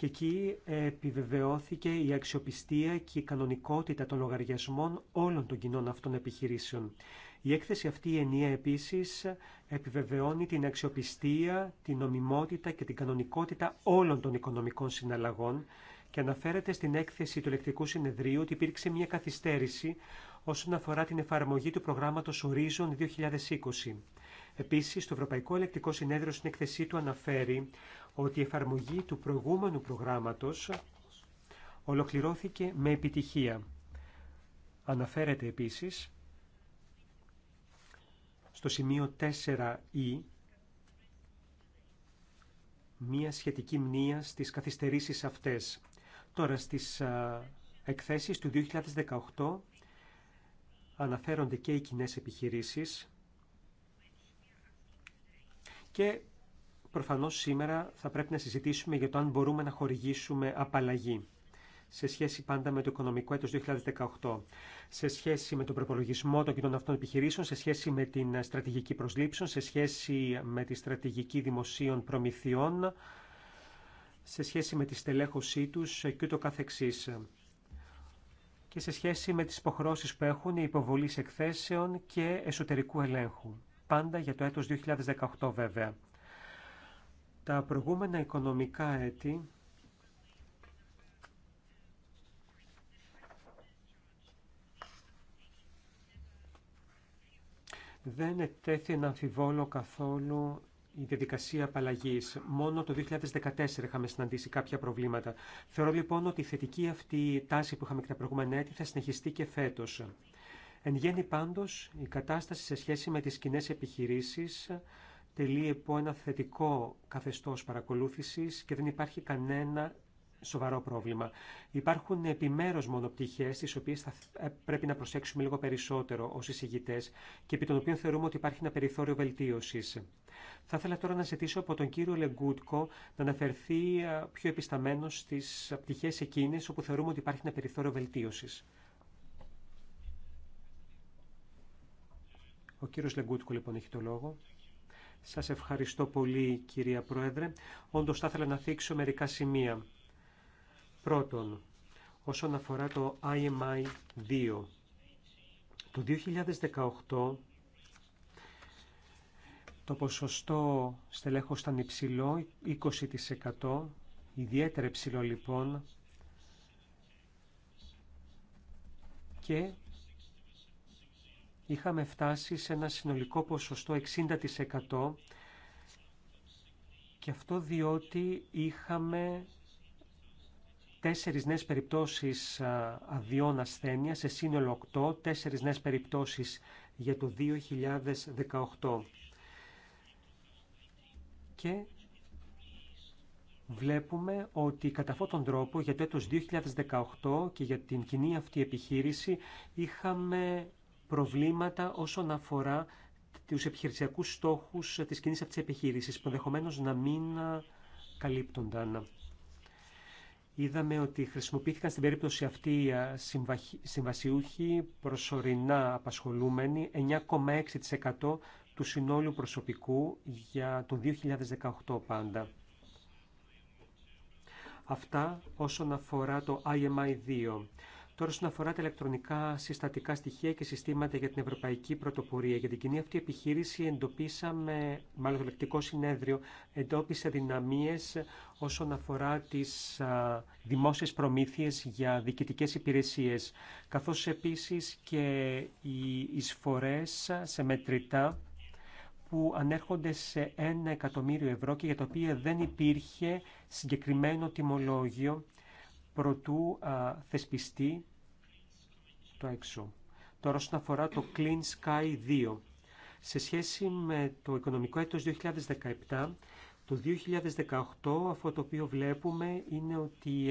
Speaker 3: και εκεί επιβεβαιώθηκε η αξιοπιστία και η κανονικότητα των λογαριασμών όλων των κοινών αυτών επιχειρήσεων. Η έκθεση αυτή η ενία επίσης επιβεβαιώνει την αξιοπιστία, την νομιμότητα και την κανονικότητα όλων των οικονομικών συναλλαγών και αναφέρεται στην έκθεση του Ελεκτικού Συνεδρίου ότι υπήρξε μια καθυστέρηση όσον αφορά την εφαρμογή του προγράμματος Horizon 2020. Επίσης, το Ευρωπαϊκό Ελεκτικό Συνέδριο στην εκθεσή του αναφέρει ότι η εφαρμογή του προηγούμενου προγράμματος ολοκληρώθηκε με επιτυχία. Αναφέρεται επίσης στο σημείο 4η μία σχετική μνήμα στις καθυστερήσεις αυτές. Τώρα στις α, εκθέσεις του 2018 αναφέρονται και οι κοινέ επιχειρήσεις και προφανώς σήμερα θα πρέπει να συζητήσουμε για το αν μπορούμε να χορηγήσουμε απαλλαγή σε σχέση πάντα με το οικονομικό έτος 2018, σε σχέση με τον προπολογισμό των κοινών αυτών επιχειρήσεων, σε σχέση με την στρατηγική προσλήψεων, σε σχέση με τη στρατηγική δημοσίων προμηθειών, σε σχέση με τη στελέχωσή τους και ούτω καθεξής και σε σχέση με τις υποχρώσεις που έχουν υποβολή εκθέσεων και εσωτερικού ελέγχου πάντα για το έτος 2018 βέβαια. Τα προηγούμενα οικονομικά έτη δεν ετέθη να αμφιβόλο καθόλου η διαδικασία απαλλαγή. Μόνο το 2014 είχαμε συναντήσει κάποια προβλήματα. Θεωρώ λοιπόν ότι η θετική αυτή τάση που είχαμε και τα προηγούμενα έτη θα συνεχιστεί και φέτος. Εν γέννη πάντως, η κατάσταση σε σχέση με τις κοινέ επιχειρήσεις τελεί από ένα θετικό καθεστώς παρακολούθησης και δεν υπάρχει κανένα σοβαρό πρόβλημα. Υπάρχουν επιμέρους μονοπτυχές, τις οποίες θα ε, πρέπει να προσέξουμε λίγο περισσότερο ως εισηγητές και επί των οποίων θεωρούμε ότι υπάρχει ένα περιθώριο βελτίωσης. Θα ήθελα τώρα να ζητήσω από τον κύριο Λεγκούτκο να αναφερθεί ε, πιο επισταμένος στις πτυχές εκείνες όπου θεωρούμε ότι υπάρχει ένα περιθώριο βελτίωσης. Ο κύριος Λεγκούτκου λοιπόν έχει το λόγο. Σας ευχαριστώ πολύ κυρία Πρόεδρε. Όντως θα ήθελα να θίξω μερικά σημεία. Πρώτον, όσον αφορά το IMI 2. Το 2018 το ποσοστό στελέχος ήταν υψηλό, 20%, ιδιαίτερα υψηλό λοιπόν, και είχαμε φτάσει σε ένα συνολικό ποσοστό 60% και αυτό διότι είχαμε τέσσερις νέες περιπτώσεις αδειών ασθένεια σε σύνολο 8, τέσσερις νέες περιπτώσεις για το 2018. Και βλέπουμε ότι κατά αυτόν τον τρόπο για το έτος 2018 και για την κοινή αυτή επιχείρηση είχαμε προβλήματα όσον αφορά τους επιχειρησιακούς στόχους της κοινής αυτής επιχείρησης, που ενδεχομένω να μην καλύπτονταν. Είδαμε ότι χρησιμοποιήθηκαν στην περίπτωση αυτή συμβασιούχοι προσωρινά απασχολούμενοι 9,6% του συνόλου προσωπικού για το 2018 πάντα. Αυτά όσον αφορά το IMI 2. Τώρα, όσον αφορά τα ηλεκτρονικά συστατικά στοιχεία και συστήματα για την Ευρωπαϊκή Πρωτοπορία, για την κοινή αυτή επιχείρηση εντοπίσαμε, μάλλον το λεπτικό συνέδριο, εντόπισε δυναμίες όσον αφορά τις δημόσιε δημόσιες προμήθειες για διοικητικές υπηρεσίες, καθώς επίσης και οι εισφορές σε μετρητά που ανέρχονται σε ένα εκατομμύριο ευρώ και για τα οποία δεν υπήρχε συγκεκριμένο τιμολόγιο προτού α, θεσπιστεί το έξω. Τώρα όσον αφορά το Clean Sky 2. Σε σχέση με το οικονομικό έτος 2017, το 2018 αυτό το οποίο βλέπουμε είναι ότι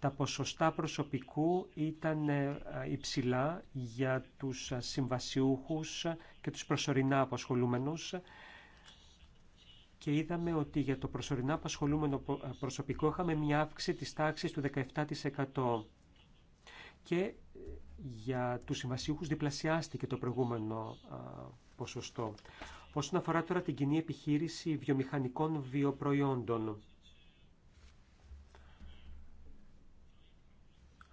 Speaker 3: τα ποσοστά προσωπικού ήταν ε, υψηλά για τους συμβασιούχους και τους προσωρινά απασχολούμενους και είδαμε ότι για το προσωρινά απασχολούμενο προσωπικό είχαμε μια αύξηση της τάξης του 17% και ε, για τους συμβασίουχους διπλασιάστηκε το προηγούμενο ποσοστό. Όσον αφορά τώρα την κοινή επιχείρηση βιομηχανικών βιοπροϊόντων,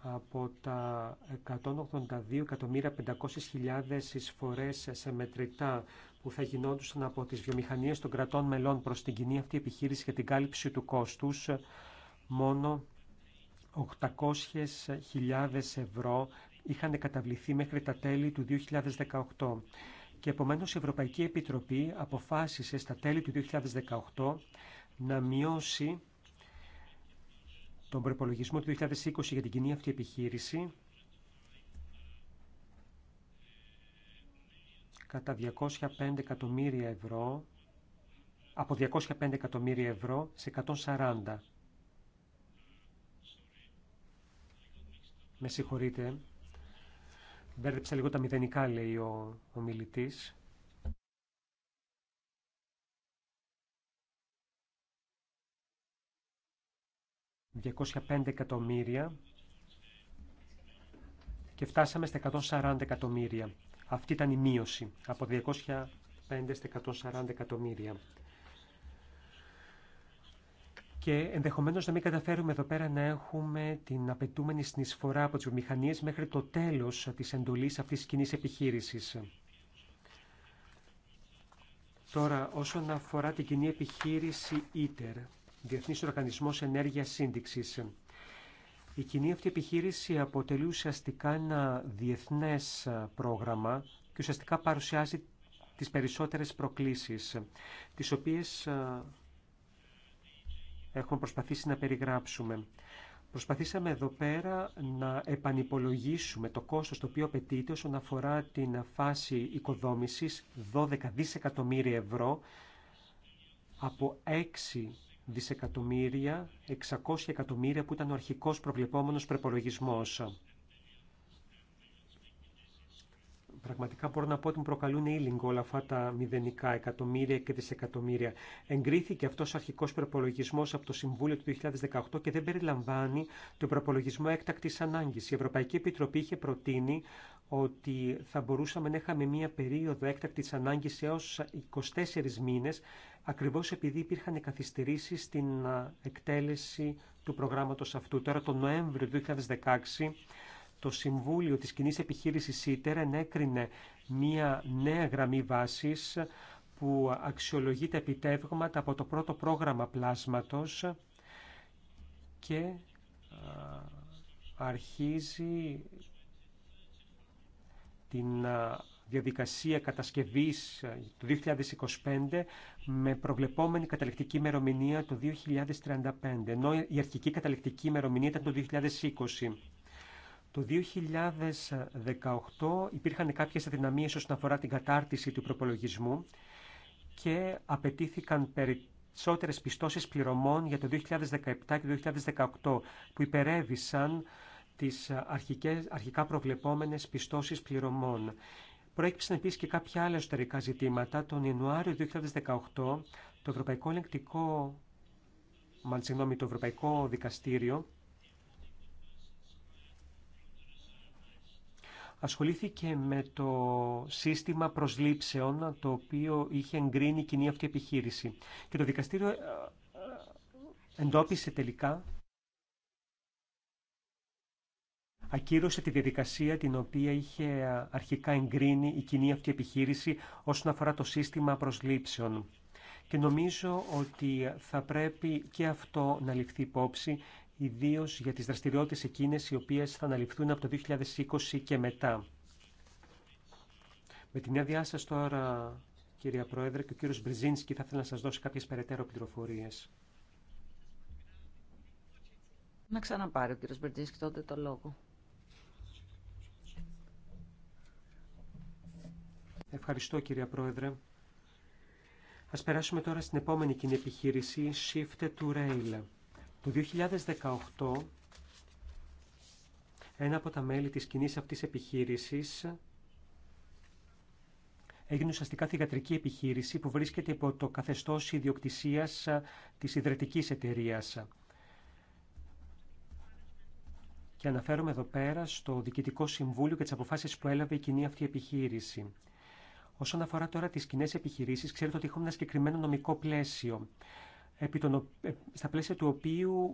Speaker 3: από τα 182.500.000 εισφορές σε μετρητά που θα γινόντουσαν από τις βιομηχανίες των κρατών μελών προς την κοινή αυτή επιχείρηση για την κάλυψη του κόστους μόνο 800.000 ευρώ είχαν καταβληθεί μέχρι τα τέλη του 2018 και επομένως η Ευρωπαϊκή Επιτροπή αποφάσισε στα τέλη του 2018 να μειώσει τον προπολογισμό του 2020 για την κοινή αυτή επιχείρηση κατά 205 εκατομμύρια ευρώ, από 205 εκατομμύρια ευρώ σε 140. Με συγχωρείτε, μπέρδεψα λίγο τα μηδενικά, λέει ο, ο ...205 εκατομμύρια και φτάσαμε στα 140 εκατομμύρια. Αυτή ήταν η μείωση από 205 στα 140 εκατομμύρια. Και ενδεχομένω να μην καταφέρουμε εδώ πέρα να έχουμε την απαιτούμενη συνεισφορά από τι βιομηχανίε μέχρι το τέλο τη εντολή αυτή τη κοινή επιχείρηση. Τώρα, όσον αφορά την κοινή επιχείρηση ITER, Διεθνής Οργανισμός Ενέργειας Σύνδεξης. Η κοινή αυτή επιχείρηση αποτελεί ουσιαστικά ένα διεθνές ε, πρόγραμμα και ουσιαστικά παρουσιάζει τις περισσότερες προκλήσεις, τις οποίες ε, έχουμε προσπαθήσει να περιγράψουμε. Προσπαθήσαμε εδώ πέρα να επανυπολογίσουμε το κόστος το οποίο απαιτείται όσον αφορά την φάση οικοδόμησης 12 δισεκατομμύρια ευρώ από 6 δισεκατομμύρια, 600 εκατομμύρια που ήταν ο αρχικός προβλεπόμενος προπολογισμό. Πραγματικά μπορώ να πω ότι μου προκαλούν ήλιγκ όλα αυτά τα μηδενικά εκατομμύρια και δισεκατομμύρια. Εγκρίθηκε αυτό ο αρχικό προπολογισμό από το Συμβούλιο του 2018 και δεν περιλαμβάνει το προπολογισμό έκτακτη ανάγκη. Η Ευρωπαϊκή Επιτροπή είχε προτείνει ότι θα μπορούσαμε να είχαμε μία περίοδο έκτακτη ανάγκη έω 24 μήνε, ακριβώ επειδή υπήρχαν καθυστερήσει στην εκτέλεση του προγράμματο αυτού. Τώρα, τον Νοέμβριο του 2016, το Συμβούλιο της Κοινής Επιχείρησης ΣΥΤΕΡ ενέκρινε μία νέα γραμμή βάσης που αξιολογεί τα επιτεύγματα από το πρώτο πρόγραμμα πλάσματος και αρχίζει την διαδικασία κατασκευής του 2025 με προβλεπόμενη καταληκτική ημερομηνία το 2035, ενώ η αρχική καταληκτική ημερομηνία ήταν το 2020. Το 2018 υπήρχαν κάποιες αδυναμίες όσον αφορά την κατάρτιση του προπολογισμού και απαιτήθηκαν περισσότερες πιστώσεις πληρωμών για το 2017 και το 2018 που υπερέβησαν τις αρχικές, αρχικά προβλεπόμενες πιστώσεις πληρωμών. Προέκυψαν επίσης και κάποια άλλα εσωτερικά ζητήματα. Τον Ιανουάριο 2018 το Ευρωπαϊκό Ελεκτικό, μάλλον το Ευρωπαϊκό Δικαστήριο ασχολήθηκε με το σύστημα προσλήψεων το οποίο είχε εγκρίνει η κοινή αυτή επιχείρηση. Και το δικαστήριο ε, ε, εντόπισε τελικά, ακύρωσε τη διαδικασία την οποία είχε αρχικά εγκρίνει η κοινή αυτή επιχείρηση όσον αφορά το σύστημα προσλήψεων. Και νομίζω ότι θα πρέπει και αυτό να ληφθεί υπόψη ιδίω για τις δραστηριότητες εκείνες οι οποίες θα αναλυφθούν από το 2020 και μετά. Με την άδειά σας τώρα, κυρία Πρόεδρε, και ο κύριο Μπριζίνσκι θα ήθελα να σας δώσει κάποιες περαιτέρω πληροφορίες. Να ξαναπάρει ο κύριο Μπριζίνσκι τότε το λόγο. Ευχαριστώ, κυρία Πρόεδρε. Ας περάσουμε τώρα στην επόμενη κοινή επιχείρηση, Shift to Rail. Το 2018 ένα από τα μέλη της κοινή αυτής επιχείρησης έγινε ουσιαστικά θηγατρική επιχείρηση που βρίσκεται υπό το καθεστώς ιδιοκτησίας της ιδρυτικής εταιρείας. Και αναφέρομαι εδώ πέρα στο Διοικητικό Συμβούλιο και τις αποφάσεις που έλαβε η κοινή αυτή επιχείρηση. Όσον αφορά τώρα τις κοινέ επιχειρήσεις, ξέρετε ότι έχουμε ένα συγκεκριμένο νομικό πλαίσιο επί ε, στα πλαίσια του οποίου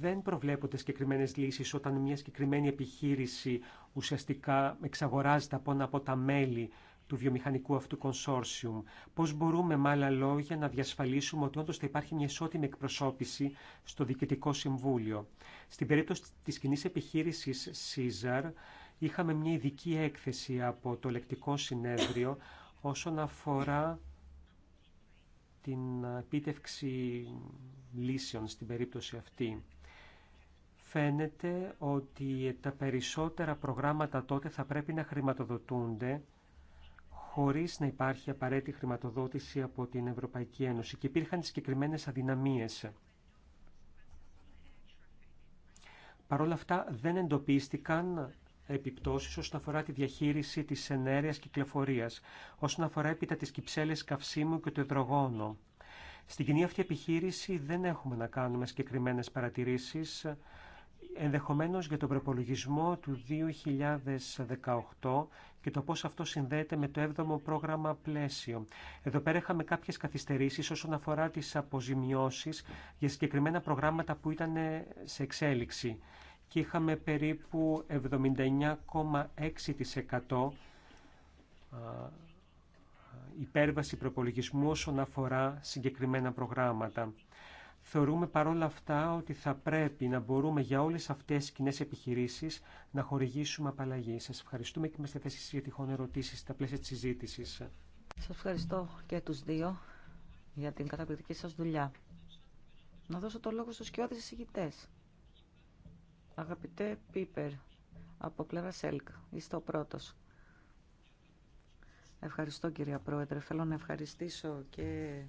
Speaker 3: δεν προβλέπονται συγκεκριμένε λύσεις όταν μια συγκεκριμένη επιχείρηση ουσιαστικά εξαγοράζεται από ένα από τα μέλη του βιομηχανικού αυτού κονσόρσιουμ. Πώς μπορούμε με άλλα λόγια να διασφαλίσουμε ότι όντως θα υπάρχει μια ισότιμη εκπροσώπηση στο Διοικητικό Συμβούλιο. Στην περίπτωση της κοινή επιχείρησης Caesar είχαμε μια ειδική έκθεση από το λεκτικό συνέδριο όσον αφορά την επίτευξη λύσεων στην περίπτωση αυτή. Φαίνεται ότι τα περισσότερα προγράμματα τότε θα πρέπει να χρηματοδοτούνται χωρίς να υπάρχει απαραίτητη χρηματοδότηση από την Ευρωπαϊκή Ένωση και υπήρχαν συγκεκριμένες αδυναμίες. Παρ' όλα αυτά δεν εντοπίστηκαν Επιπτώσει όσον αφορά τη διαχείριση της ενέργεια κυκλοφορία, όσον αφορά έπειτα τις κυψέλε καυσίμου και το υδρογόνο. Στην κοινή αυτή επιχείρηση δεν έχουμε να κάνουμε συγκεκριμένε παρατηρήσει ενδεχομένω για τον προπολογισμό του 2018 και το πώ αυτό συνδέεται με το 7ο πρόγραμμα πλαίσιο. Εδώ πέρα είχαμε κάποιε καθυστερήσει όσον αφορά τι αποζημιώσει για συγκεκριμένα προγράμματα που ήταν σε εξέλιξη και είχαμε περίπου 79,6% υπέρβαση προπολογισμού όσον αφορά συγκεκριμένα προγράμματα. Θεωρούμε παρόλα αυτά ότι θα πρέπει να μπορούμε για όλες αυτές τις κοινέ επιχειρήσεις να χορηγήσουμε απαλλαγή. Σας ευχαριστούμε και είμαστε θέσεις για τυχόν ερωτήσεις στα πλαίσια της συζήτησης.
Speaker 1: Σας ευχαριστώ και τους δύο για την καταπληκτική σας δουλειά. Να δώσω το λόγο στους κοιόδης εισηγητές. Αγαπητέ Πίπερ, από πλευρά ΣΕΛΚ, είστε ο πρώτος. Ευχαριστώ κυρία Πρόεδρε. Θέλω να ευχαριστήσω και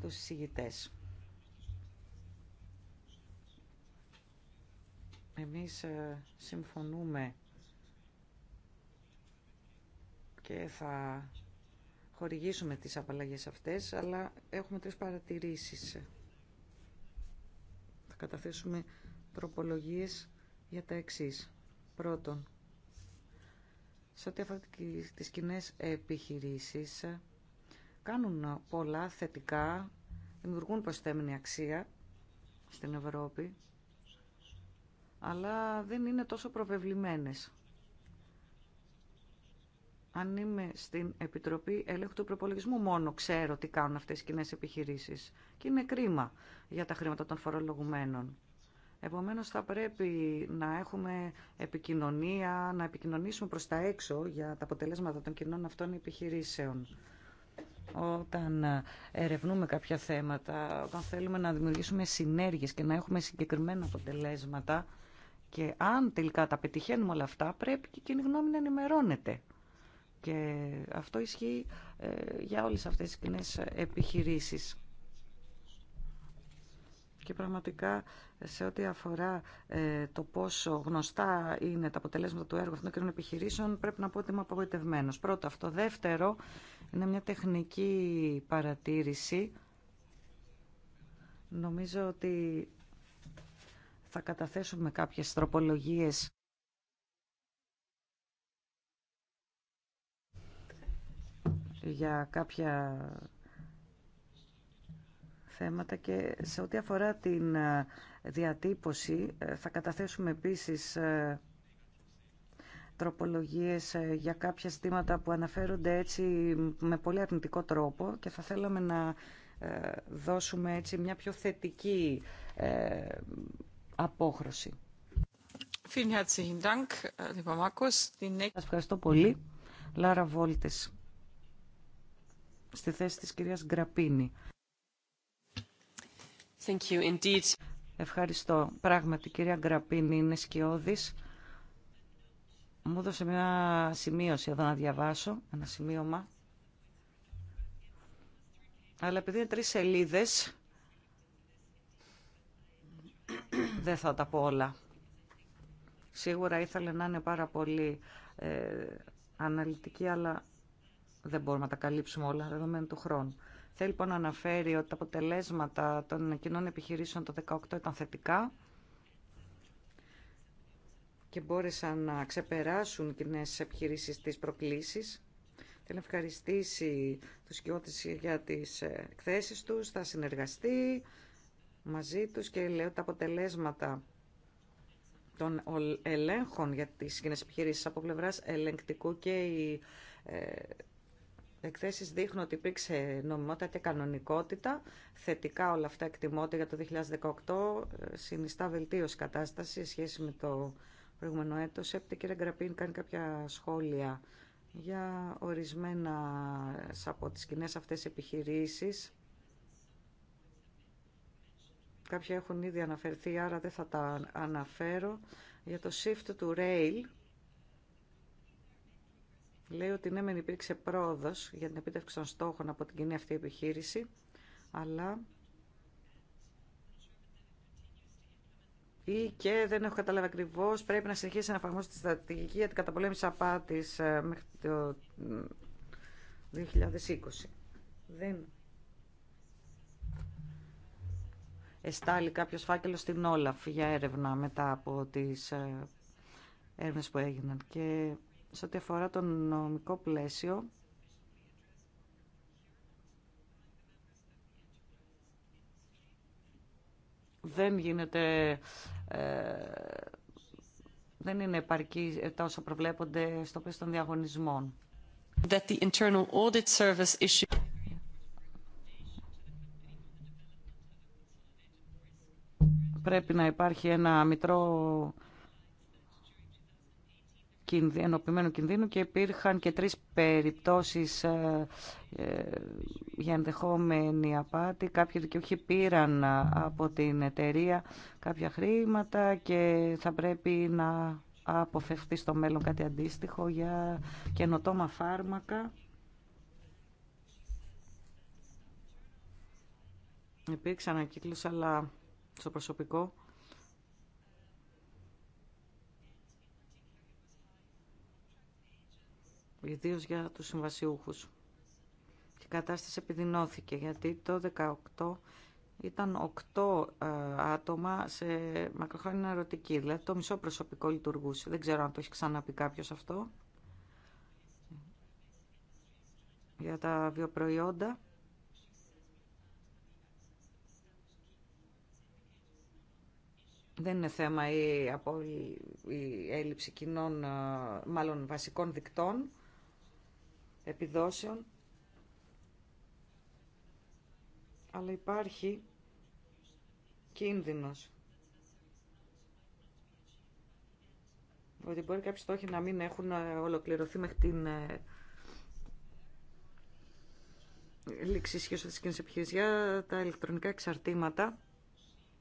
Speaker 1: τους συζητητές. Εμείς ε, συμφωνούμε και θα χορηγήσουμε τις απαλλαγές αυτές, αλλά έχουμε τρεις παρατηρήσεις. Θα καταθέσουμε τροπολογίες για τα εξής. Πρώτον, σε ό,τι αφορά τις κοινέ επιχειρήσεις, κάνουν πολλά θετικά, δημιουργούν προσθέμενη αξία στην Ευρώπη, αλλά δεν είναι τόσο προβεβλημένες. Αν είμαι στην Επιτροπή Ελέγχου του Προπολογισμού, μόνο ξέρω τι κάνουν αυτές οι κοινέ επιχειρήσεις. Και είναι κρίμα για τα χρήματα των φορολογουμένων. Επομένως θα πρέπει να έχουμε επικοινωνία, να επικοινωνήσουμε προς τα έξω για τα αποτελέσματα των κοινών αυτών επιχειρήσεων. Όταν ε, ερευνούμε κάποια θέματα, όταν θέλουμε να δημιουργήσουμε συνέργειες και να έχουμε συγκεκριμένα αποτελέσματα και αν τελικά τα πετυχαίνουμε όλα αυτά, πρέπει και η κοινή γνώμη να ενημερώνεται. Και αυτό ισχύει ε, για όλες αυτές τις κοινέ επιχειρήσεις. Και πραγματικά σε ό,τι αφορά ε, το πόσο γνωστά είναι τα αποτελέσματα του έργου αυτών των επιχειρήσεων, πρέπει να πω ότι είμαι απογοητευμένο. Πρώτο αυτό. Δεύτερο, είναι μια τεχνική παρατήρηση. Νομίζω ότι θα καταθέσουμε κάποιες τροπολογίες. για κάποια θέματα και σε ό,τι αφορά την ε, διατύπωση ε, θα καταθέσουμε επίσης ε, τροπολογίες για κάποια ζητήματα που αναφέρονται έτσι με πολύ αρνητικό τρόπο και θα θέλαμε να δώσουμε έτσι μια πιο θετική απόχρωση. Äh, Σας ευχαριστώ πολύ. Λάρα Βόλτες, στη θέση της κυρίας Γκραπίνη. Ευχαριστώ. Πράγματι, κυρία Γκραπίνη, είναι σκιώδης. Μου έδωσε μια σημείωση εδώ να διαβάσω, ένα σημείωμα. Αλλά επειδή είναι τρεις σελίδες, δεν θα τα πω όλα. Σίγουρα ήθελε να είναι πάρα πολύ ε, αναλυτική, αλλά δεν μπορούμε να τα καλύψουμε όλα, δεδομένου του χρόνου. Θέλει λοιπόν να αναφέρει ότι τα αποτελέσματα των κοινών επιχειρήσεων το 2018 ήταν θετικά και μπόρεσαν να ξεπεράσουν κοινέ επιχειρήσει τις προκλήσεις. Θέλω να ευχαριστήσει τους κοιότες για τις ε, εκθέσει τους, θα συνεργαστεί μαζί τους και λέω τα αποτελέσματα των ελέγχων για τις κοινές επιχειρήσεις από πλευράς ελεγκτικού και η ε, εκθέσεις δείχνουν ότι υπήρξε νομιμότητα και κανονικότητα. Θετικά όλα αυτά εκτιμώνται για το 2018. Ε, συνιστά βελτίωση κατάσταση σε σχέση με το προηγούμενο έτος. Έπειτα κύριε Γκραπίν κάνει κάποια σχόλια για ορισμένα από τις κοινέ αυτές επιχειρήσεις. Κάποια έχουν ήδη αναφερθεί, άρα δεν θα τα αναφέρω. Για το shift του rail, λέει ότι ναι, μεν υπήρξε πρόοδο για την επίτευξη των στόχων από την κοινή αυτή επιχείρηση, αλλά ή και δεν έχω καταλάβει ακριβώ, πρέπει να συνεχίσει να εφαρμόσει τη στρατηγική για την καταπολέμηση απάτη ε, μέχρι το 2020. Δεν εστάλει κάποιος φάκελο στην Όλαφ για έρευνα μετά από τις ε, έρευνε που έγιναν και σε ό,τι αφορά το νομικό πλαίσιο, δεν γίνεται... Ε, δεν είναι επαρκή τα όσα προβλέπονται στο πλαίσιο των διαγωνισμών. Πρέπει να υπάρχει ένα μητρό ενωπημένου κινδύνου και υπήρχαν και τρεις περιπτώσεις ε, ε, για ενδεχόμενη απάτη. Κάποιοι δικαιούχοι πήραν ε, από την εταιρεία κάποια χρήματα και θα πρέπει να αποφευθεί στο μέλλον κάτι αντίστοιχο για καινοτόμα φάρμακα. Υπήρξε ανακύκλωση, αλλά στο προσωπικό ιδίως για τους συμβασιούχους. Και η κατάσταση επιδεινώθηκε γιατί το 18 ήταν 8 ε, άτομα σε μακροχρόνια ερωτική, δηλαδή το μισό προσωπικό λειτουργούσε. Δεν ξέρω αν το έχει ξαναπεί κάποιο αυτό. Για τα βιοπροϊόντα. Δεν είναι θέμα η, η έλλειψη κοινών, ε, μάλλον βασικών δικτών επιδόσεων, αλλά υπάρχει κίνδυνος. Ότι μπορεί κάποιοι στόχοι να μην έχουν ε, ολοκληρωθεί μέχρι την ε, λήξη ισχύω της κοινή επιχείρηση τα ηλεκτρονικά εξαρτήματα,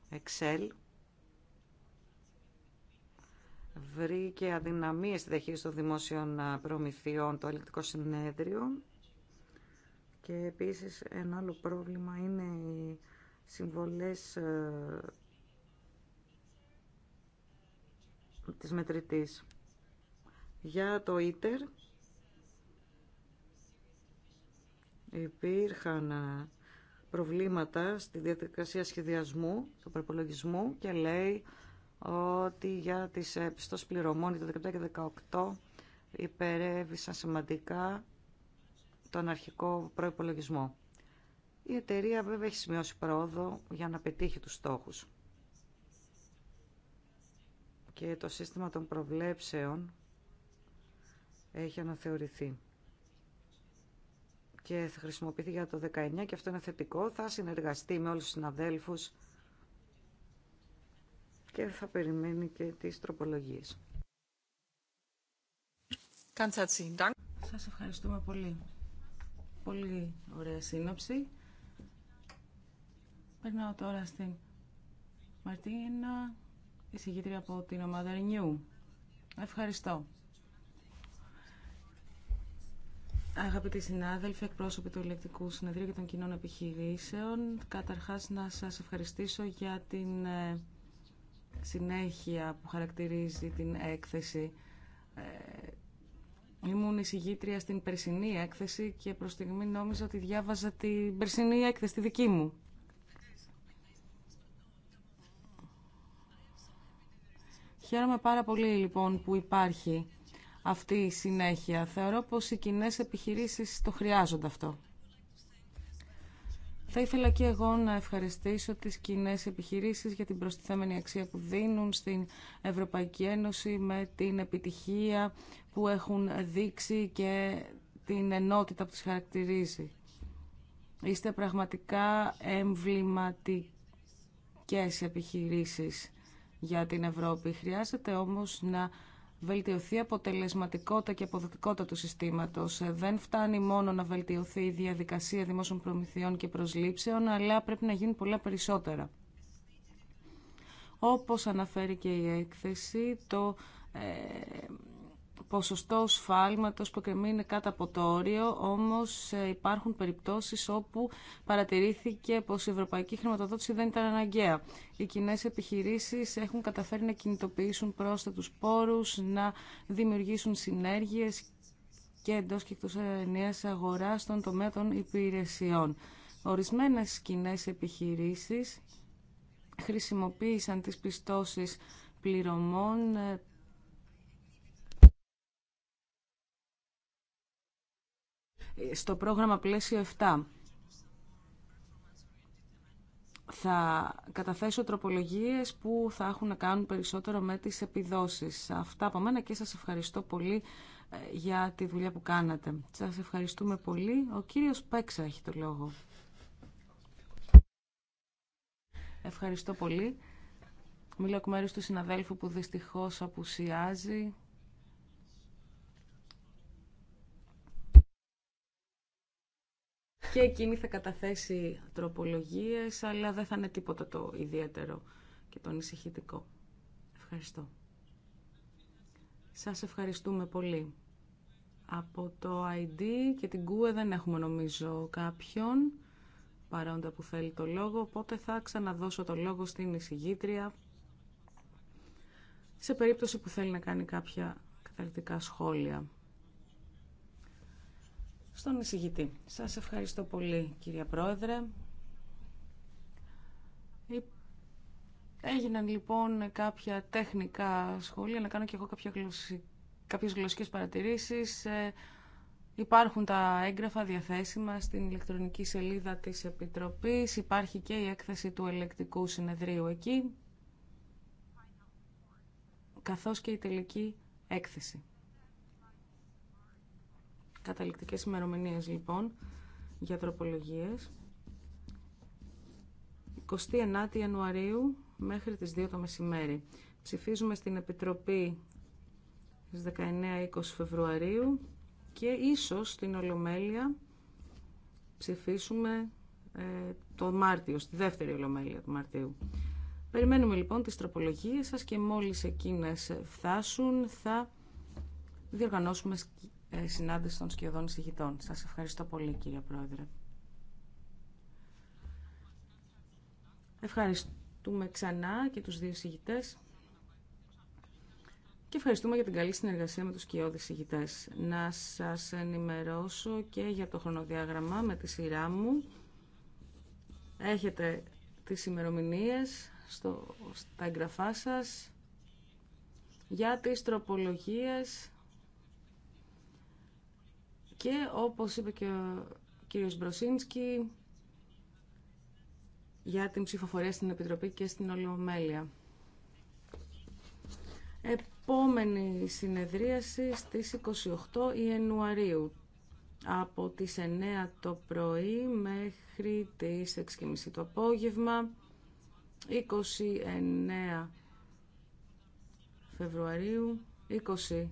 Speaker 1: Excel, βρήκε αδυναμίες στη διαχείριση των δημόσιων προμηθειών το ελεκτικό συνέδριο και επίσης ένα άλλο πρόβλημα είναι οι συμβολές της μετρητής. Για το ίτερ υπήρχαν προβλήματα στη διαδικασία σχεδιασμού, του προπολογισμού και λέει ότι για τις πιστώσεις πληρωμών το 2017 και 2018 υπερεύησαν σημαντικά τον αρχικό προϋπολογισμό. Η εταιρεία βέβαια έχει σημειώσει πρόοδο για να πετύχει τους στόχους. Και το σύστημα των προβλέψεων έχει αναθεωρηθεί και θα χρησιμοποιηθεί για το 19 και αυτό είναι θετικό. Θα συνεργαστεί με όλους τους συναδέλφους και θα περιμένει και τις τροπολογίες.
Speaker 2: Σας ευχαριστούμε πολύ. Πολύ ωραία σύνοψη. Περνάω τώρα στην Μαρτίνα, η συγγύτρια από την ομάδα Renew. Ευχαριστώ. Αγαπητοί συνάδελφοι, εκπρόσωποι του Ελεκτικού Συνεδρίου και των Κοινών Επιχειρήσεων, καταρχάς να σας ευχαριστήσω για την ε, συνέχεια που χαρακτηρίζει την έκθεση. Ε, ήμουν εισηγήτρια στην περσινή έκθεση και προς στιγμή νόμιζα ότι διάβαζα την περσινή έκθεση, τη δική μου. Χαίρομαι πάρα πολύ λοιπόν που υπάρχει αυτή η συνέχεια. Θεωρώ πως οι κοινέ επιχειρήσεις το χρειάζονται αυτό. Θα ήθελα και εγώ να ευχαριστήσω τις κοινέ επιχειρήσεις για την προστιθέμενη αξία που δίνουν στην Ευρωπαϊκή Ένωση με την επιτυχία που έχουν δείξει και την ενότητα που τους χαρακτηρίζει. Είστε πραγματικά εμβληματικές επιχειρήσεις για την Ευρώπη. Χρειάζεται όμως να βελτιωθεί αποτελεσματικότητα και αποδοτικότητα του συστήματος. Ε, δεν φτάνει μόνο να βελτιωθεί η διαδικασία δημόσιων προμηθειών και προσλήψεων, αλλά πρέπει να γίνουν πολλά περισσότερα. Όπως αναφέρει και η έκθεση, το ε, ποσοστό σφάλματος που είναι κάτω από το όριο, όμως ε, υπάρχουν περιπτώσεις όπου παρατηρήθηκε πως η ευρωπαϊκή χρηματοδότηση δεν ήταν αναγκαία. Οι κοινέ επιχειρήσεις έχουν καταφέρει να κινητοποιήσουν πρόσθετους πόρους, να δημιουργήσουν συνέργειες και εντός και εκτός ενιαίας αγοράς στον τομέα των υπηρεσιών. Ορισμένες κοινέ επιχειρήσεις χρησιμοποίησαν τις πιστώσεις πληρωμών ε, στο πρόγραμμα πλαίσιο 7 θα καταθέσω τροπολογίες που θα έχουν να κάνουν περισσότερο με τις επιδόσεις. Αυτά από μένα και σας ευχαριστώ πολύ ε, για τη δουλειά που κάνατε. Σας ευχαριστούμε πολύ. Ο κύριος Πέξα έχει το λόγο. Ευχαριστώ πολύ. Μιλώ εκ μέρους του συναδέλφου που δυστυχώς απουσιάζει. και εκείνη θα καταθέσει τροπολογίες, αλλά δεν θα είναι τίποτα το ιδιαίτερο και το ανησυχητικό. Ευχαριστώ. Σας ευχαριστούμε πολύ. Από το ID και την ΚΟΕ e δεν έχουμε νομίζω κάποιον παρόντα που θέλει το λόγο, οπότε θα ξαναδώσω το λόγο στην εισηγήτρια σε περίπτωση που θέλει να κάνει κάποια καταληκτικά σχόλια στον εισηγητή. Σας ευχαριστώ πολύ κυρία Πρόεδρε. Ε, έγιναν λοιπόν κάποια τεχνικά σχόλια, να κάνω και εγώ κάποια γλωσσι... κάποιες γλωσσικές παρατηρήσεις. Ε, υπάρχουν τα έγγραφα διαθέσιμα στην ηλεκτρονική σελίδα της Επιτροπής. Υπάρχει και η έκθεση του ελεκτικού συνεδρίου εκεί, καθώς και η τελική έκθεση. Καταληκτικές ημερομηνίε λοιπόν για τροπολογίες. 29 Ιανουαρίου μέχρι τις 2 το μεσημέρι. Ψηφίζουμε στην Επιτροπή στις 19-20 Φεβρουαρίου και ίσως στην Ολομέλεια ψηφίσουμε ε, το Μάρτιο, στη δεύτερη Ολομέλεια του Μαρτίου. Περιμένουμε λοιπόν τις τροπολογίες σας και μόλις εκείνες φτάσουν θα διοργανώσουμε ε, συνάντηση των σκιωδών εισηγητών. Σας ευχαριστώ πολύ κύριε Πρόεδρε. Ευχαριστούμε ξανά και τους δύο συγητές και ευχαριστούμε για την καλή συνεργασία με τους σκιώδεις συγητές. Να σας ενημερώσω και για το χρονοδιάγραμμα με τη σειρά μου. Έχετε τις ημερομηνίες στο, στα εγγραφά σας για τις τροπολογίες και όπως είπε και ο κύριος Μπροσίνσκι, για την ψηφοφορία στην Επιτροπή και στην Ολομέλεια. Επόμενη συνεδρίαση στις 28 Ιανουαρίου από τις 9 το πρωί μέχρι τις 6.30 το απόγευμα 29 Φεβρουαρίου 20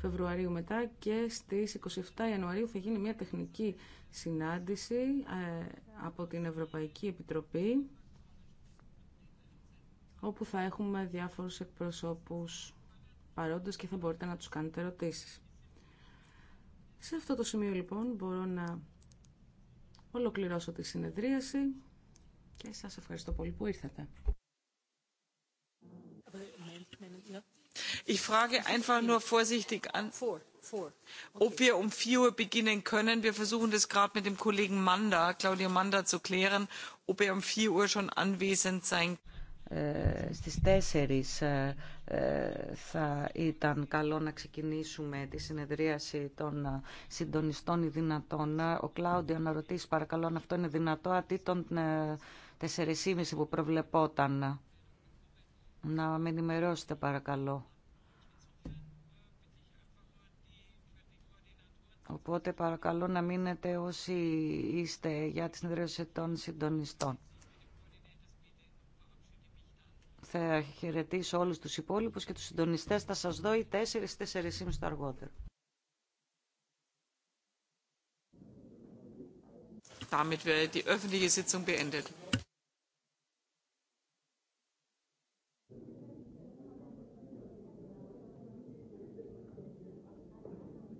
Speaker 2: Φεβρουαρίου μετά και στις 27 Ιανουαρίου θα γίνει μια τεχνική συνάντηση ε, από την Ευρωπαϊκή Επιτροπή όπου θα έχουμε διάφορους εκπροσώπους παρόντες και θα μπορείτε να τους κάνετε ερωτήσεις. Σε αυτό το σημείο λοιπόν μπορώ να ολοκληρώσω τη συνεδρίαση και σας ευχαριστώ πολύ που ήρθατε. Ich frage einfach 4 um er um
Speaker 1: äh, ε, ε, θα ήταν καλό να ξεκινήσουμε τη συνεδρίαση των ε, συντονιστών ή δυνατών. Ο Κλαουδίο να ρωτήσει παρακαλώ αν αυτό είναι δυνατό, αντί των 4.30 που προβλεπόταν. Να με ενημερώσετε παρακαλώ. Οπότε παρακαλώ να μείνετε όσοι είστε για τη συνεδρίαση των συντονιστών. Θα χαιρετήσω όλους τους υπόλοιπους και τους συντονιστές θα σας δω οι 4-4.30 το αργότερο. Damit